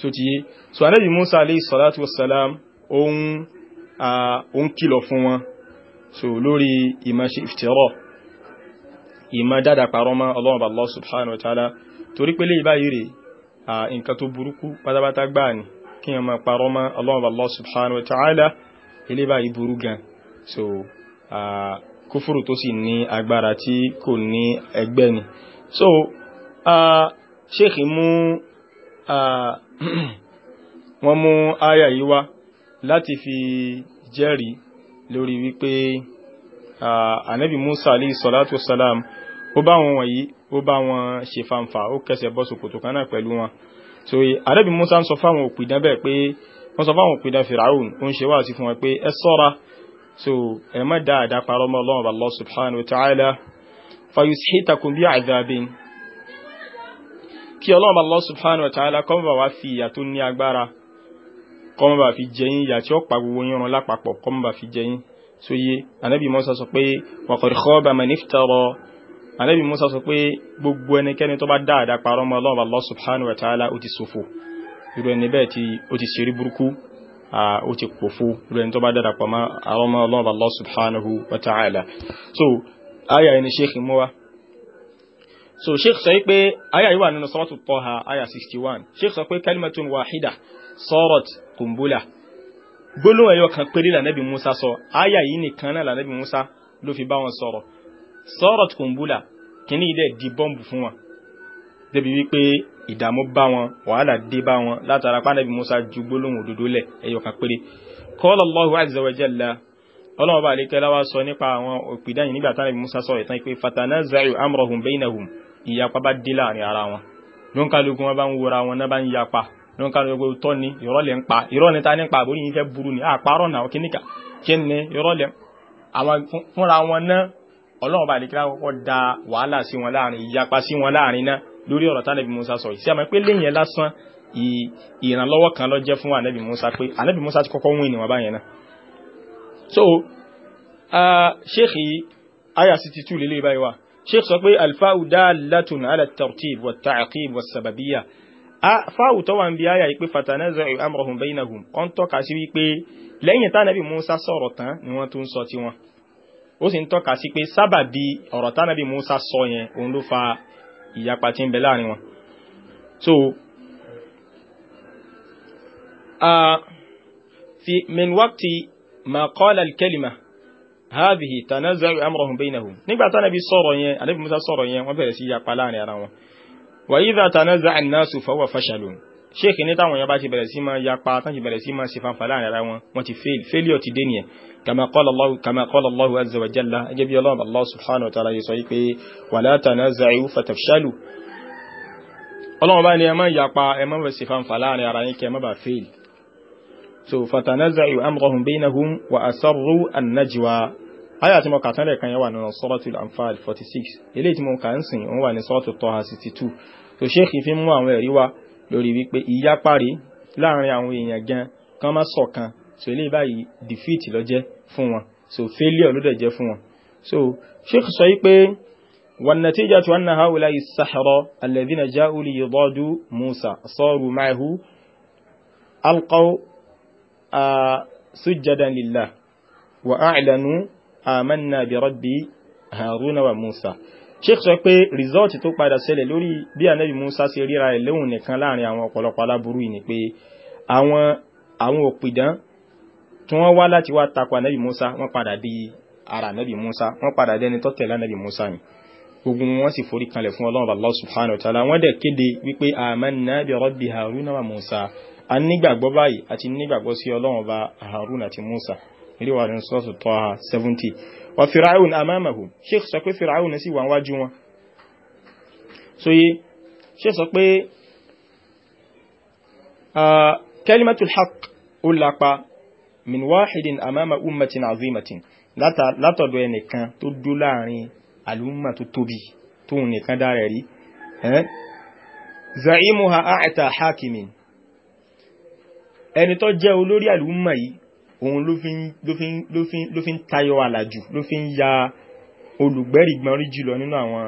so ti yé so anabi musa alayhi salatu wassalam ohun ohun kìlọ̀ fún wọn so lórí ìmá ṣe ìfìtẹ̀rọ̀ ìmá dáadáa parọ́ mọ́ ọlọ́run Allah subhanahu wa ta'ala torí pé léyìí báyìí rè nǹkan tó burúkú pátápátá gbáà ni kí wọn máa mọ́ ọlọ́run subhanahu wa ta'ala ilé báyìí burú so kúfúrù tó sì ní agbára so sheikh mú wọ́n mú àyà yìí wá láti fi jẹ́rìí lórí wípé ànábì Musa alayhi salatu salam, ó bá wọn wọ̀nyí ó bá wọn ṣe fanfa ó kẹsẹ̀ bọ́ sòkòtò kan náà pẹ̀lú wọn so ànábì Musa ń sọ fáwọn òpìdán bẹ́ẹ̀ pé wọ́n sọ fáwọn òpìdán Firaun ó ń ṣe wáàsí fún wọn pé ẹ sọ́ra so ẹ má dáadáa parọ́ mọ́ Ọlọ́run Allah subhanahu wa ta'ala fayusihitakum bi adhabin kí ọlọ́run Allah subhanahu wa ta'ala kọ́ bá wá fi ìyà tó ní agbára kọ́ bá fi jẹyìn ìyà tí ó pa gbogbo yín run lápapọ̀ kọ́ bá fi jẹyìn so yé anabi musa sọ pé wa qad khaba man iftara anabi musa sọ pé gbogbo ẹnikẹ́ni tó bá dáadáa parọ́ mọ́ ọlọ́run Allah subhanahu wa ta'ala ó ti ṣòfò irú tó bá dáadáa so sheikh sọ pé aya yìí wà nínú suratu Taha aya 61 sheikh sọ pé kalimatun wahida sarat kumbula gbólóhùn ẹyọ kan péré lànàbí musa sọ aya yìí nìkan náà lànàbí musa ló fi bá wọn sọ̀rọ̀ sarat kumbula kìíní ilẹ̀ di bọ́ǹbù fún wọn débi wípé ìdààmú bá wọn wàhálà dé bá wọn látara pánàbí musa ju gbólóhùn òdodo lẹ̀ ẹyọ kan péré qala Allahu azza wa jalla ọlọ́wọ́ bá àlékẹ́lá wá sọ nípa àwọn òpìdáyìn nígbà tánàbí musa sọ ìtàn pé fatanaza'u amrahum bainahum ìyapa bá dé láàrin ara wọn lóńkàlùkù wọn bá ń wora wọn náà bá ń yapa lóńkàlùkù tọ́ ni irọ́ lẹ̀ ń pa irọ́ ni ta ní pa àbórí yìí fẹ́ burú ni àparọ́ náà kíníkà kí ni irọ́ lẹ̀ àwọn fúnra wọn náà ọlọ́run bá àdìkíra kọ́kọ́ da wàhálà sí wọn láàrin ìyapa sí wọn láàrin náà lórí ọ̀rọ̀ tá nàbí Musa sọ yìí sí àmọ́ pé lẹ́yìn lásán ìrànlọ́wọ́ kan ló fún ànábì Musa pé ànábì Musa ti kọ́kọ́ wín níwọ̀n báyẹn náà so ṣéèkì ayà sí ti tú lélẹ́yìí báyìí wà sheikh sọ pé alfa'u dallatun ala tartib wa ta'qib wa sababiyya a fa'u tó wà ń bi aya yìí pé fatanaza'u amrahum bainahum on tọ́ka sí wípé lẹ́yìn tánàbí musa sọ̀rọ̀ tán ni wọ́n tún sọ tiwọn ó sì ń tọ́ka sí pé sábàbí ọ̀rọ̀ tánàbí musa sọ yẹn òun ló fa ìyapa tí ń bẹ láàrin so a fi min waqti ma qala al-kalima هذه تنازع امرهم بينهم نيغبا تنبي سورو يين النبي موسى سورو يين وان بيري سي يابا لارين ara wọn واذا تنازع الناس فهو فشل sheikh ni táwọn yẹn bá ti bẹ̀rẹ̀ sí máa yapa tán ti bẹ̀rẹ̀ sí máa ṣe fanfa láàrin ara wọn wọn ti fail failure ti dé nìyẹn kama qala Allahu kama qala Allahu azza wa jalla ẹgẹ́ bí ọlọ́run allah subhanahu wa ta'ala yìí sọ pé wala tanaza'u fatafshalu ọlọ́run bá ní ẹ má yapa ẹ má ṣe fanfa láàrin ara yín kí ẹ má bàa fail so fatanazaru amrahum bainahum wa asarru annajwa aya tí mo kà tán lẹ́ẹ̀kan yẹn wà nínú suratul anfal 46 eléyìí tí mo kà ń sìn òun wà suratul toha 62 so sheikh fi mú àwọn ẹ̀rí wá lórí wípé ìyapa rí láàrin àwọn èèyàn gan kan má ṣọ̀kan so eléyìí báyìí defeat ló jẹ́ fún wọn so failure ló dẹ̀ jẹ́ fún wọn so sheikh sọ wípé والنتيجة أن هؤلاء السحرة الذين جاءوا ليضادوا موسى صاروا معه ألقوا sujjadan lillah wa a'lanu amanna bi rabbi haruna wa musa sheikh sọ pé result tó padà ṣẹlẹ̀ lórí bí anabi musa ṣe ríra ẹ̀ lóhùn nìkan láàrin àwọn ọ̀pọ̀lọpọ̀ aláburú yìí ni pé àwọn àwọn òpìdán tí wọ́n wá láti wá takò anabi musa wọ́n padà di ara anabi musa wọ́n padà dẹni tó tẹ̀lé anabi musa ni gbogbo wọn sì forí kanlẹ̀ fún ọlọ́run Allah subhanahu wa ta'ala wọ́n dẹ̀ kéde wípé amanna bi rabbi haruna wa musa a nígbàgbọ́ báyìí àti nígbàgbọ́ sí ọlọ́run bá harun àti musa ilé wa ní sọ́ọ̀sù tọ́ha 70 wa fir'aun amamahum sheikh sọ pé fir'aun sí wà wájú wọn so yé sheikh sọ pé kalimatul haq ó lápa min wahidin amama ummatin azimatin látọ̀dọ̀ ẹnìkan tó dó láàrin alúmà tó tóbi tóun nìkan dára rí za'imuha a'ta hakimin ẹni tó jẹ́ olórí àlùmọ̀ yìí òun ló fi ń tayọ àlàjù ló fi ń ya olùgbẹ́rìgbọ́n rí jùlọ nínú àwọn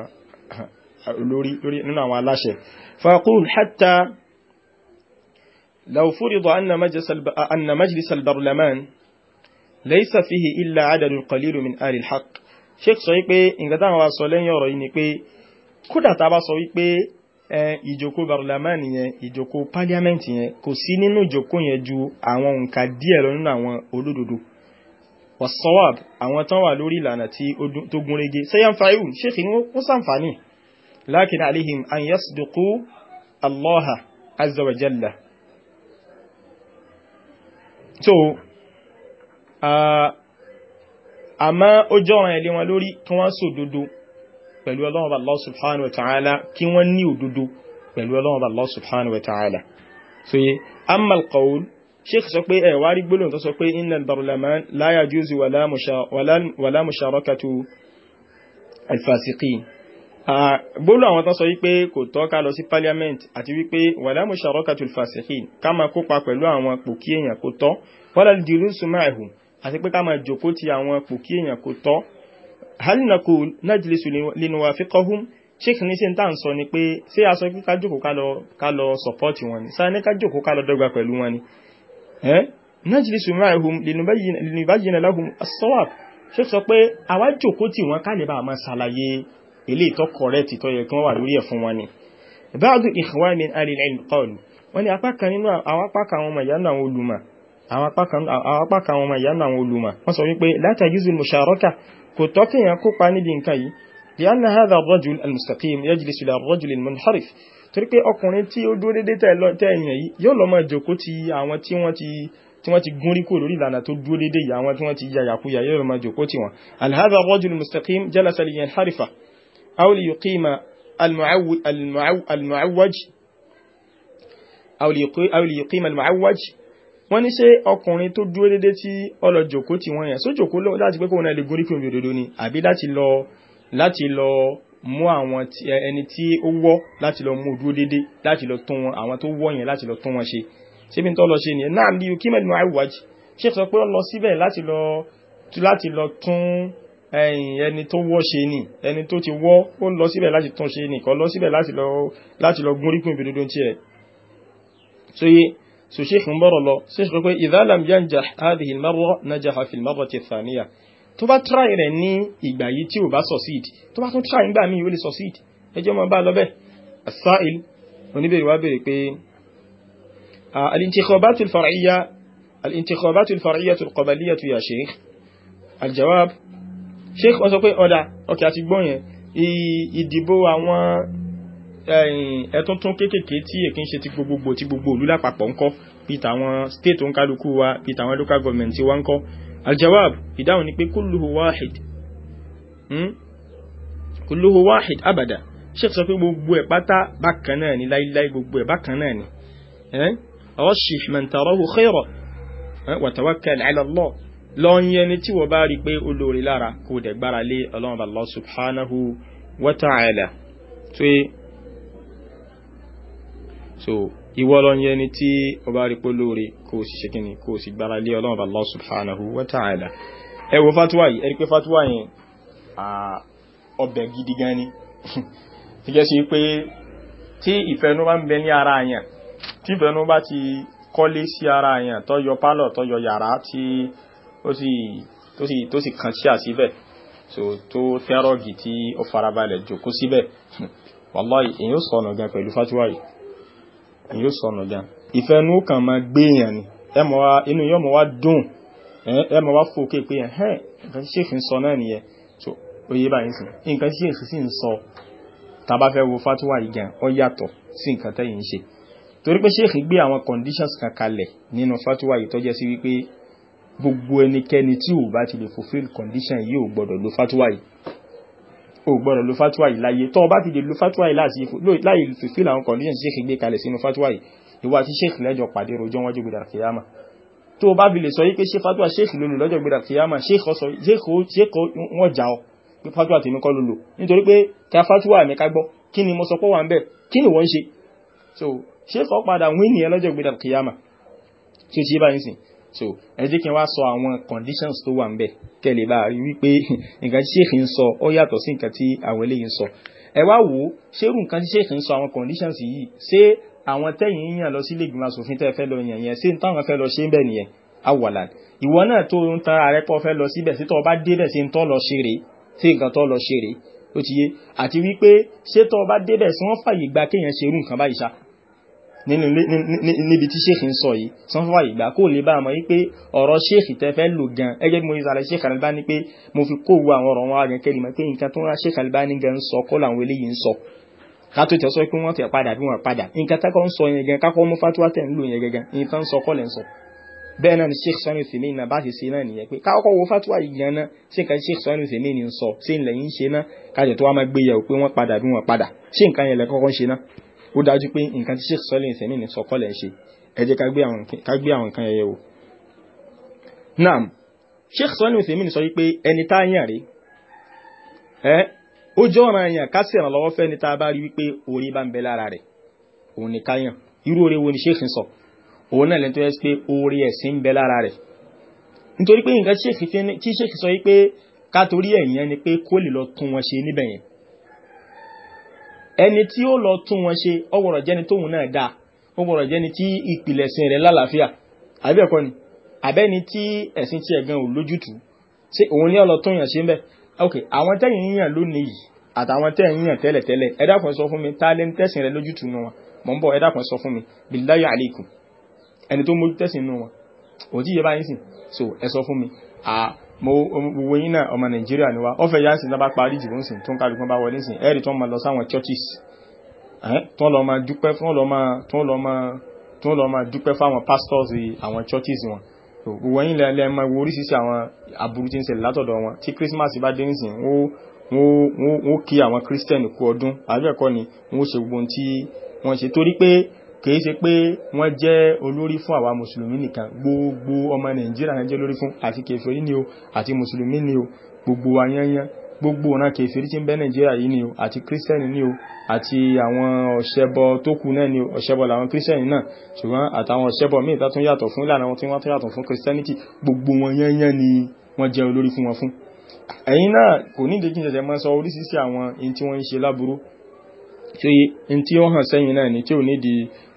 olórí nínú àwọn aláṣẹ faqul hatta law furida anna majlis al-barlaman laysa fihi illa adadun qalilun min ahli al-haqq sheikh sọ wípé nǹkan táwọn wa lẹ́yìn ọ̀rọ̀ yìí ni pé kódà tá bá sọ wípé ìjòkó barlamani yẹn ìjòkó parliament yẹn kò sí nínú ìjòkó yẹn ju àwọn nǹka díẹ̀ lọ nínú àwọn olódodo wasawab àwọn tán wà lórí ìlànà tí tó gún régé sẹ́yàn fàáyù ṣéèkì ní ó sàǹfààní lákin alihim an yasduqu allaha azza wa jalla so àmọ́ ó jọ́ràn ẹ̀lẹ́ wọn lórí kí wọ́n sòdodo pẹ̀lú ọlọ́run Allah subhanahu wa ta'ala kí wọ́n ní òdodo pẹ̀lú ọlọ́run Allah subhanahu wa ta'ala so yé amal qawl sheikh sọ pé ẹ̀ wárí gbólóhùn tó sọ pé inna al-barlaman la yajuzu wala musharakatu al-fasiqin gbólú àwọn tán sọ wípé kò tọ́ ká lọ sí parliament àti wípé wala musharakatu al-fasiqin ká máa kópa pẹ̀lú àwọn pòkí èèyàn kò tọ́ wala al-julusu ma'ahum àti pé ká máa jòkó ti àwọn pòkí èèyàn kò tọ́ hal nakul najlisu linuwafiqahum sheikh ní sin tán sọ ni pé ṣé a sọ pé ká jókòó ká lọ sọpọ́tì wọn ni sáà ní ká jókòó ká lọ dọ́gba pẹ̀lú wọn ni najlisu ma'ahum linubayyina lahum as-sawab sheikh sọ pé àwa jókòó tì wọ́n ká lè bá máa ṣàlàyé eléyìí tó correct tó yẹ kí wọ́n wà lórí ẹ̀ fún wọn ni ba'du ikhwan min ahli al-ilm qalu apá kan nínú àwọn apá kan àwọn ọmọ ìyá náà olùmọ̀ àwọn apá kan ọmọ ìyá náà àwọn olùmọ̀ wọ́n sọ wípé láti àjúzù musharaka kò tọ́ kí èèyàn kópa níbi nǹkan yìí bí a náà hádà rọ́jùl almustaqim yajlisu ila rọ́jùl munharif torí pé ọkùnrin tí ó dúró dédé tẹ́ẹ̀yàn yìí yóò lọ máa jókòó ti àwọn tí wọ́n ti tí wọ́n ti gún rí kúrò lórí ìlànà tó dúró dédé yìí àwọn tí wọ́n ti ya yàkúyà yóò wọ́n ní ṣé ọkùnrin tó dúró déédéé tí ọlọ́jòkó tí wọ́n yàn sójòkó láti pé kóun náà lè gorí fún òdodo ni àbí láti lọ láti lọ mú àwọn ẹni tí ó wọ́ láti lọ mú dúró déédéé láti lọ tún wọn àwọn tó wọ́ yẹn láti lọ tún wọn ṣe ṣé bí n tọ́ lọ ṣe nìyẹn náà ní kí mẹ́rin máa wájú ṣé sọ pé ó lọ síbẹ̀ láti lọ láti lọ tún ẹni tó wọ́ ṣe ni ẹni tó ti wọ́ ó lọ síbẹ̀ láti tún ṣe ni lọ síbẹ̀ láti lọ láti lọ gún fún òdodo tiẹ̀ so sheikh ń bọ̀rọ̀ lọ sheikh pé idha lam yanjah hadhihi al-marra najaha fi al-marrati ath-thaniya tó bá try rẹ̀ ní ìgbà yìí tí ò bá succeed tó bá tún try nígbà míì yóò lè succeed ẹjọ́ máa bá a lọ bẹ́ẹ̀ as-sa'il oníbèrè wá bèrè pé al-intikhabatul ẹ̀túntún kéékèèké tí èkín ṣe ti gbogbogbò ti gbogbo òlú lápapọ̀ ńkọ́ bí tàwọn state òǹkálukú wa bí tàwọn local government wa ńkọ́ aljawab ìdáhùn ni pé kulluhu wahid hmm? kulluhu wahid abada sheikh sọ pé gbogbo ẹ̀ pátá bákan náà ni láíláí gbogbo ẹ̀ bákan náà ni rashih man tarahu khayra wa tawakkal ala Allah lọ ń yẹni tí wọ́n bá rí pé olórí lára kò dẹ̀ lé ọlọ́run Allah subhanahu wa ta'ala so ìwọ ló ń yẹ ni tí o bá rí pé lóore kó o sì ṣe kíni kó o sì gbára lé ọlọ́run bá Allah subhanahu wa ta'ala ẹ wo fatuwa yìí ẹ rí pé fatuwa yẹn ọbẹ̀ gidi gan ni ti jẹ́ sí pé tí ìfẹ́nú bá ń bẹ ní ara àyàn tí ìfẹ́nú bá ti kọ́lé sí ara àyàn tó yọ pálọ̀ tó yọ yàrá tí ó sì kàn sí àsíbẹ̀ so tó tẹ́rọ̀gì tí ó farabalẹ̀ jòkó síbẹ̀ wallahi èyí ó sọ̀nà gan pẹ̀lú fatuwa yìí yóò sọnù gan ìfẹ́ inú kan máa gbé èèyàn ni inú yóò mọ̀ wá dùn ẹ mọ̀ wá fòkè pé ẹ̀hẹ́n nǹkan tí ṣèfì ń sọ náà nìyẹn tó oyè báyìí sìn nǹkan tí èsì sì ń sọ tá bá fẹ́ wo fatuwa yìí gan ó yàtọ̀ sí nǹkan tẹ́yìn ń ṣe torí pé ṣéèkì gbé àwọn conditions kan kalẹ̀ nínú fatuwa yìí tọ́jẹ́ sí wípé gbogbo ẹnikẹ́ni tí ò bá ti lè fulfill condition yìí ò gbọ́dọ̀ lo fatuwa yìí o gbọ́dọ̀ lo fatuwa yìí láyé tó o bá ti lè lo fatuwa yìí láì fìfìl àwọn condition sheikh gbé kalẹ̀ sínú fatuwa yìí ìwọ àti sheikh lẹ́jọ́ pàdé rojọ́ wájú gbéra kìyàmà tó o bá fi lè sọ yí pé ṣé fatuwa sheikh ló lò lọ́jọ́ gbéra kìyàmà sheikh wọ́n jà ọ́ pé fatuwa tèmi kọ́ ló lò nítorí pé ká fatuwa mi ká gbọ́ kí ni mo sọ pé wà ń bẹ̀ kí ni wọ́n ń ṣe so sheikh ọ padà wí nìyẹn lọ́jọ́ gbéra kìyàmà tí ó ti yé báyìí sìn so ẹ jẹ́ kí n wá sọ àwọn conditions tó wà ńbẹ̀ kẹ́ lè bá a rí wípé nǹkan tí sheikh ń sọ ó yàtọ̀ sí nǹkan tí àwọn eléyìí ń sọ ẹ wá wò ó ṣerú nǹkan tí sheikh ń sọ àwọn conditions yìí ṣé àwọn tẹ́yìn ń yàn lọ sí ilé ìgbìmọ̀ asòfin tẹ́ fẹ́ lọ yàn yẹn ṣé n táwọn fẹ́ lọ ṣe ń bẹ̀ nìyẹn awàlà ìwọ náà tó ń tan ààrẹ pọ̀ fẹ́ lọ síbẹ̀ sí tó o bá débẹ̀ ṣe ń tọ́ lọ ṣe bá níbi tí sheikh ń sọ yìí sọ fún wa ìgbà kó lè bá àmọ́ yìí pé ọ̀rọ̀ sheikh tẹ fẹ́ lò gan ẹgẹ́ bí mo ṣe sàlẹ̀ sheikh Albani pé mo fi kó wo àwọn ọ̀rọ̀ wọn àgàn kẹ́lì mọ́ pé nǹkan tó ń ra sheikh Albani gan ń sọ kó làwọn eléyìí ń sọ kátó tẹ sọ pé wọ́n tẹ padà bí wọ́n padà nǹkan tákọ́ ń sọ yẹn gan kákọ́ mú fatuwa tẹ̀ ń lò yẹn gan nǹkan sọ kọ́ lẹ́ ń sọ bẹ́ẹ̀ náà ni sheikh sanu fèmí náà bá ti ṣe náà nìyẹn pé káwọ́kọ́ wo fatuwa yìí gan náà ṣé nǹkan sheikh sanu fèmí ni ń sọ ṣé ń lẹ́yìn ṣe náà kájọ tó wá máa gbé yẹ̀wò pé wọ́n padà bí wọ́n padà ṣé nǹkan yẹn lẹ́kọ́kọ́ ń ṣe náà ó dájú pé nǹkan tí Sheikh Sọ́lé ìsẹ̀mí ní sọ́kọ́lẹ̀ ṣe ẹ jẹ́ ká gbé àwọn nǹkan yẹ̀yẹ̀ wò. naam Sheikh Sọ́lé ìsẹ̀mí ní sọ wípé ẹni tá yàn rí ẹ ó jọ ọ̀ràn yàn ká sì ràn lọ́wọ́ fẹ́ ni tá a bá rí wípé orí bá ń bẹ lára rẹ̀ òun ni ká yàn irú oore wo ni Sheikh sọ òun náà lẹ́nu tó yẹ pé oore ẹ̀sìn ń bẹ lára rẹ̀ nítorí pé nǹkan tí Sheikh sọ wípé ká torí ẹ̀yìn ẹni pé kó lè lọ tún wọn ṣe níbẹ̀ yẹn ẹni tí ó lọ tún wọn ṣe ọwọ́rọ̀ jẹ́ni tóun náà dáa ọwọ́rọ̀ jẹ́ni tí ìpìlẹ̀sìn rẹ̀ lálàáfíà àbí ẹ̀kọ́ ni àbẹ́ni tí ẹ̀sìn tiẹ̀ gan ò lójútùú ṣé òun ní ọlọ tún yàn ṣe ń bẹ́ ok àwọn tẹ́yìn yíyàn lónìí yìí àtàwọn tẹ́yìn yíyàn tẹ́lẹ̀ tẹ́lẹ̀ ẹ dákun sọ fún mi ta lẹ́ni tẹ́sìn rẹ̀ lójútùú nù wọn mọ̀ so ẹ sọ gbogbo yín náà ọmọ Nàìjíríà ni wá ọfẹ́ yánsì náà bá parí ìdìbò ń sìn tó ń kárí fún bá wọlé sìn ẹ̀rì tó ń ma lọ sáwọn churches tó ń lọ ma dúpẹ́ fún ọlọ́mọ tó ń lọ ma tó ń lọ ma dúpẹ́ fáwọn pastors àwọn churches wọn gbogbo yín lẹ́lẹ́ ma wo oríṣiríṣi àwọn aburú tí ń ṣẹlẹ̀ látọ̀dọ̀ wọn tí Christmas bá dé nísìn wọ́n kí àwọn Christian kú ọdún àbẹ́ẹ̀kọ́ ni wọ́n ṣe gbogbo tí wọ́n ṣe torí pé kìí ṣe pé wọ́n jẹ́ olórí fún àwa mùsùlùmí nìkan gbogbo ọmọ nàìjíríà náà jẹ́ olórí fún àti kèfèrí ni o àti mùsùlùmí ni o gbogbo wa yányán gbogbo ọ̀nà kèfèrí tí ń bẹ nàìjíríà yìí ni o àti kírísítẹ́nì ni o àti àwọn ọ̀ṣẹ́bọ tó kù náà ni o ọ̀ṣẹ́bọ làwọn kírísítẹ́nì náà ṣùgbọ́n àtàwọn ọ̀ṣẹ́bọ míì tó yàtọ̀ fún ìlànà wọn tí wọ́n tún yàtọ̀ fún kírísítẹ́nìtì gbogbo wọn yányán ni wọ́n jẹ́ olórí fún wọn fún ẹ̀yin náà kò ní ìdíkí ṣẹ̀ṣẹ̀ máa sọ oríṣiríṣi àwọn in tí wọ́n ń ṣe láburú tí ó hàn sẹ́yìn náà ni tí ò ní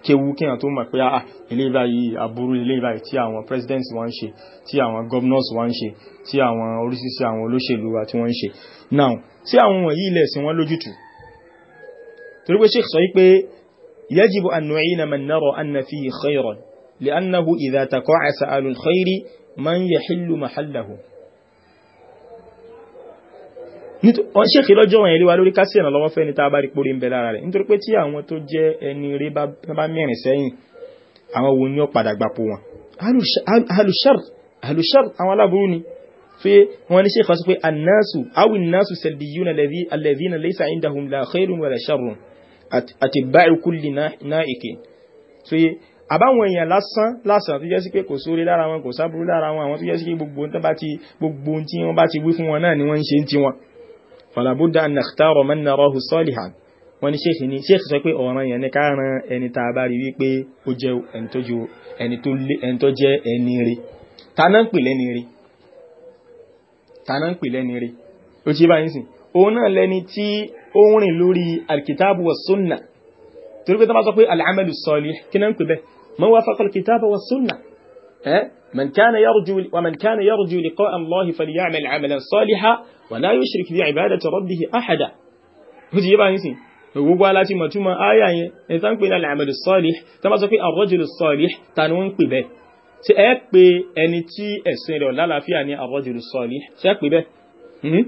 kéwu kéèyàn tó mọ̀ pé ah ilé báyìí aburú ilé báyìí tí àwọn presidents wọ́n ń ṣe tí àwọn governors wọ́n ń ṣe tí àwọn oríṣiríṣi àwọn olóṣèlú wa tí wọ́n ń ṣe now tí àwọn wọ̀nyí ilẹ̀ sí wọ́n lójútù torí pé sheikh sọ pé yajibu an nu'ina man nara anna fihi khayran li'annahu idha taqa'asa alul khayri man yahillu mahallahu wọ́n ṣèkì lọ́jọ́ wọ̀nyí lé wa lórí kásì ẹ̀nà lọ́wọ́ fẹ́ni tá a bá rí porí ń bẹ lára rẹ̀ nítorí pé tí àwọn tó jẹ́ ẹni rí bá mẹ́rin sẹ́yìn àwọn wo ni ó padà gbapò wọn alushar àwọn aláburú ni fi wọn ní ṣèkọ́ sọ pé annasu awi nasu salbiyuna alladhina laysa indahum la khairun wala sharrun àti báyìí kulli náìkì so yé àbáwọn èèyàn lásán lásán tó jẹ́ sí pé kò sóre lára wọn kò sábúrú lára wọn àwọn tó jẹ́ sí pé gbogbo ohun tí wọ́n bá ni wọ́n ń falabuda an nakhtaro man narahu salihan wọ́n ní sheikh ni sheikh sọ pé ọ̀ràn yẹn ni ká ran ẹni tá a bá rí wípé ó jẹ́ ẹni tó ju ẹni tó lé ẹni tó jẹ́ ẹni rí tànà ń pè lẹ́ni rí tànà ń pè lẹ́ni rí ó ti báyìí sìn òun náà lẹni tí ó ń rìn lórí alkitabu wa sunna torí pé tó bá sọ pé al-amalu kí náà ń pè bẹ́ẹ̀ man wafaqa alkitabu wa sunna ẹ́ من كان يرجو ومن كان يرجو لقاء الله فليعمل عملا صالحا ولا يشرك في عباده ربه احدا وجيبا نسي وغوا لا تي متوما ايا ان تان بين العمل الصالح تما سو الرجل الصالح تنون بي به تي اي بي اني تي اسين لو لا الرجل الصالح تي بي به امم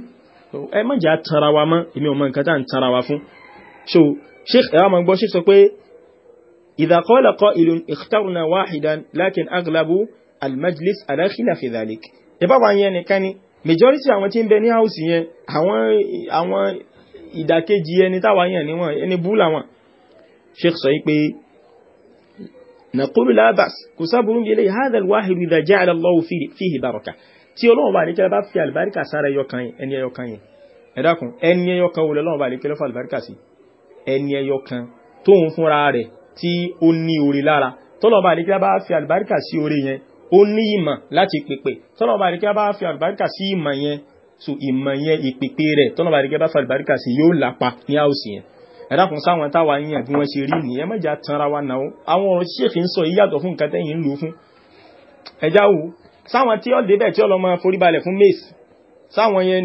اي ما جا ترى وا ما امي او ما نكان تان ترى وا فون شو شيخ اي ما نغبو شيخ اذا قال قائل اخترنا واحدا لكن اغلب al-majlis ala khilaf dhalik ìbá wa yẹn nìkan ni majority àwọn tí ń bẹ ní house yẹn àwọn àwọn ìdàkejì ẹni táwa yẹn níwọ̀n ẹni bú làwọn sheikh sọ pé naqulu la ba's kò sábúrú yẹlẹ hadha al-wahid idha ja'ala Allahu fihi baraka tí Ọlọ́run bá níkẹ́lẹ́ bá fi àlùbáríkà bá ní orí lára bá fi àlùbáríkà sí orí yẹn ó ní ìmọ̀ láti pèpè tọ́lọ̀bà àríkẹ́ bá fi àlùbáríkà sí ìmọ̀ yẹn so ìmọ̀ yẹn ìpèpè rẹ̀ tọ́lọ̀bà àríkẹ́ bá fi àlùbáríkà sí yóò lápa ní àòsì yẹn ẹ̀dàkùn sáwọn táwa yín àbí wọ́n ṣe rí nìyẹn mẹ́jà tanra wa náà àwọn ọ̀rọ̀ ṣe fi ń sọ yíyàtọ̀ fún nǹkan tẹ́yìn ń lò fún ẹja wo sáwọn tí ó débẹ̀ tí ọlọ́mọ foríbalẹ̀ fún mace sáwọn yẹn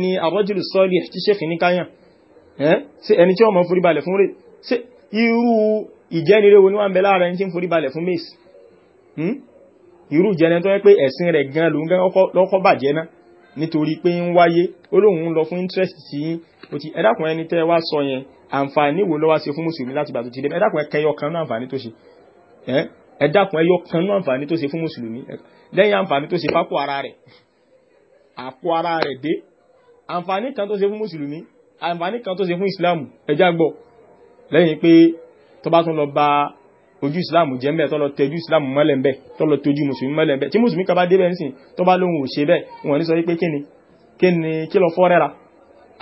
ni irú jẹni tó yẹ pé ẹ̀sìn rẹ̀ gan ló ń gan lọ́kọ́ bàjẹ́ ná nítorí pé ń wáyé ó lóun ń lọ fún interest sí yín ó ti ẹ dákun ẹni tẹ́ wá sọ yẹn àǹfààní wo ló wá ṣe fún mùsùlùmí láti gbà tó ti dé ẹ dákun ẹ kẹyọ kan náà àǹfààní tó ṣe ẹ dákun ẹyọ kan náà àǹfààní tó ṣe fún mùsùlùmí lẹ́yìn àǹfààní tó ṣe fápò ara rẹ̀ àpò ara rẹ̀ dé àǹfààní kan tó ṣe fún mùsùlùmí àǹfààní kan tó ṣe fún ojú islam jẹ́ mẹ́ tọ́lọ tẹjú islam mọ́lẹ̀ ń bẹ́ tọ́lọ tẹjú mùsùlùmí mọ́lẹ̀ ń bẹ́ tí mùsùlùmí kan bá dé bẹ́ẹ̀ nísìn tó bá lóhun ò ṣe bẹ́ẹ̀ wọ́n ní sọ wípé kíni kíni kí lọ fọ́ rẹ́ra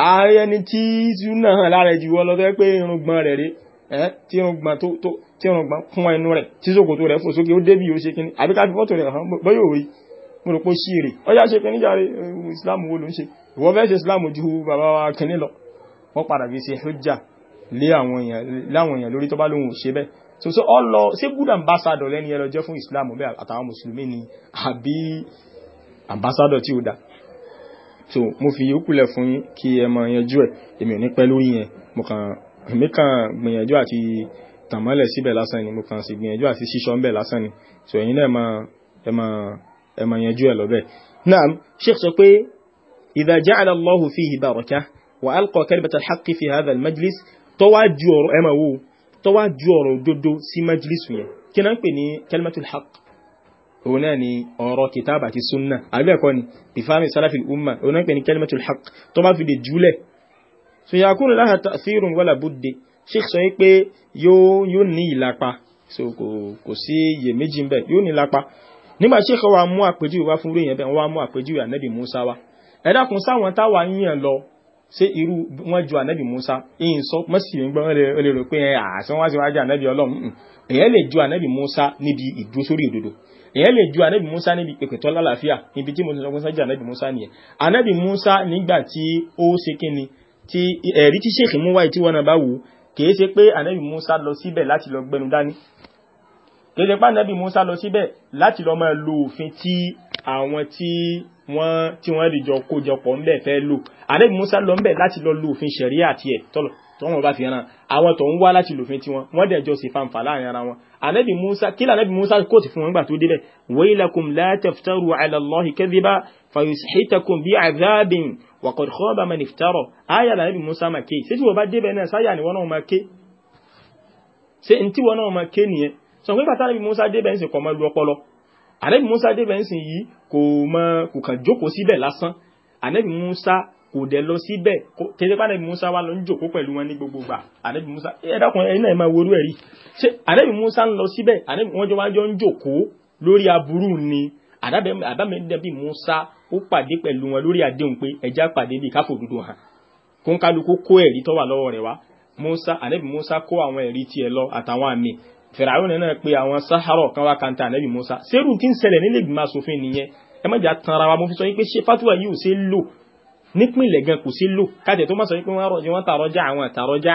ààrẹ ni tí súnà hàn lára jù wọ́n lọ fẹ́ pé irùngbọ̀n rẹ̀ rí tí irùngbọ̀n tó tí irùngbọ̀n kún ẹnu rẹ̀ tí ṣòkòtò rẹ̀ fò sókè ó débi ó ṣe kíni àbí káfí fọ́tò rẹ̀ hàn bọ́yọ̀ òwe mo so so ọlọ ṣé good ambassador lẹ́ni ẹlọ jẹ́ fún islam bẹ́ẹ̀ àtàwọn mùsùlùmí ni àbí ambassador tí ó dá so mo fi yókùlẹ̀ fún yín kí ẹ mọ yanjú ẹ̀ èmi ò ní pẹ́ lórí yẹn mo kàn èmi kàn gbìyànjú àti tàmọ́lẹ̀ síbẹ̀ lásán ni mo kàn sì gbìyànjú àti ṣíṣọ́ ń lásán ni so ẹ̀yin náà ẹ mọ ẹ mọ yanjú ẹ̀ lọ́bẹ̀ náà sheikh sọ pé idha ja'ala Allahu fihi barakah wa alqa kalimata al-haqqi fi hadha tó wá ju ọ̀rọ̀ òdodo sí májílísù yẹn kí náà ń pè ní kalimatul haq òun náà ni ọ̀rọ̀ kìtàbà àti súnnà àbí ẹ̀kọ́ ni bifami salafil umma òun náà ń pè ní kalimatul haq tó bá fi lè júlẹ̀ so yakunu laha ta'thirun wala budde sheikh sọ pé yóò ní ìlapa so kò sí iyèméjì ń bẹ yóò ní ìlapa nígbà sheikh wa mú àpèjúwe wá fún orí yẹn bẹ́ẹ̀ wọ́n wá mú àpèjúwe ṣé irú wọn ju ànábì Musa ìyìn sọ mọ́sí ìgbọ́n rẹ̀ rò pé àṣẹ wọn síwájú ànábì Ọlọ́run èyàn lè ju ànábì Musa níbi ìdúró sórí òdodo èyàn lè ju ànábì Musa níbi ìpètọ́ lálàáfíà níbi tí mo ti sọ pé sájà ànábì Musa nìyẹn ànábì Musa nígbà tí ó ṣe kíni tí ẹ̀rí tí sèkì mú wáyé tí wọn náà bá wù kì í ṣe pé ànábì Musa lọ síbẹ̀ láti lọ gbẹnu dání kéde pa nabi musa lọ síbẹ̀ láti lọ́ọ́ máa lo òfin tí àwọn tí wọ́n tí wọ́n rí jọ kójọ pọ̀ ńbẹ̀ fẹ́ lò anabi musa lọ ńbẹ̀ láti lọ́ọ́ lo òfin ṣẹ̀ríà àti ẹ̀ tọ́lọ̀ tọ́wọ́n bá fi ran àwọn tó ń wá láti lòfin tiwọn wọ́n dẹ̀ jọ sí fanfà láàrin ara wọn anabi musa kí lànàbì musa kò tí fún wọn gbà tó débẹ̀ wailakum la taftaru ala allahi kadhiba fayusihitakum bi sọ pé bàtà níbi Musa débẹ̀ ń sìn kọ́ mọ́ lu ọpọlọ ànẹ́bí Musa débẹ̀ ń sìn yìí kò mọ kò kàn jókòó síbẹ̀ lásán ànẹ́bí Musa kò dẹ̀ lọ síbẹ̀ kété pa ànẹ́bí Musa wà lọ ń jókòó pẹ̀lú wọn ní gbogbo gbà ànẹ́bí Musa ẹ dákun ẹ̀yin náà ẹ máa worú ẹ̀ rí ṣé ànẹ́bí Musa ń lọ síbẹ̀ ànẹ́bí wọn jọ wá ń jókòó lórí aburú ni àbámẹ́dẹ́bí Musa ó pàdé pẹ̀lú wọn lórí àdéhùn pé ẹja pàdé bíi káfòdodo hàn kó ń kálukú kó ẹ̀rí tó wà lọ́wọ́ rẹ̀ wá Musa ànẹ́bí Musa kó àwọn ẹ̀rí tiẹ̀ lọ àtàwọn àmì fìràwọn náà pé àwọn sáhárọ̀ kan wá kanta ànábì musa sẹ́rù tí ń ṣẹlẹ̀ nílé ìgbìmọ̀ asòfin nìyẹn ẹ má jà tanra wa mo fi sọ yín pé ṣé fatuwa yìí ò ṣe é lò nípìnlẹ̀ gan kò ṣe é lò kájẹ̀ tó má sọ yín pé wọ́n rọ̀jẹ̀ wọ́n tàrọ̀jà àwọn àtàrọ̀jà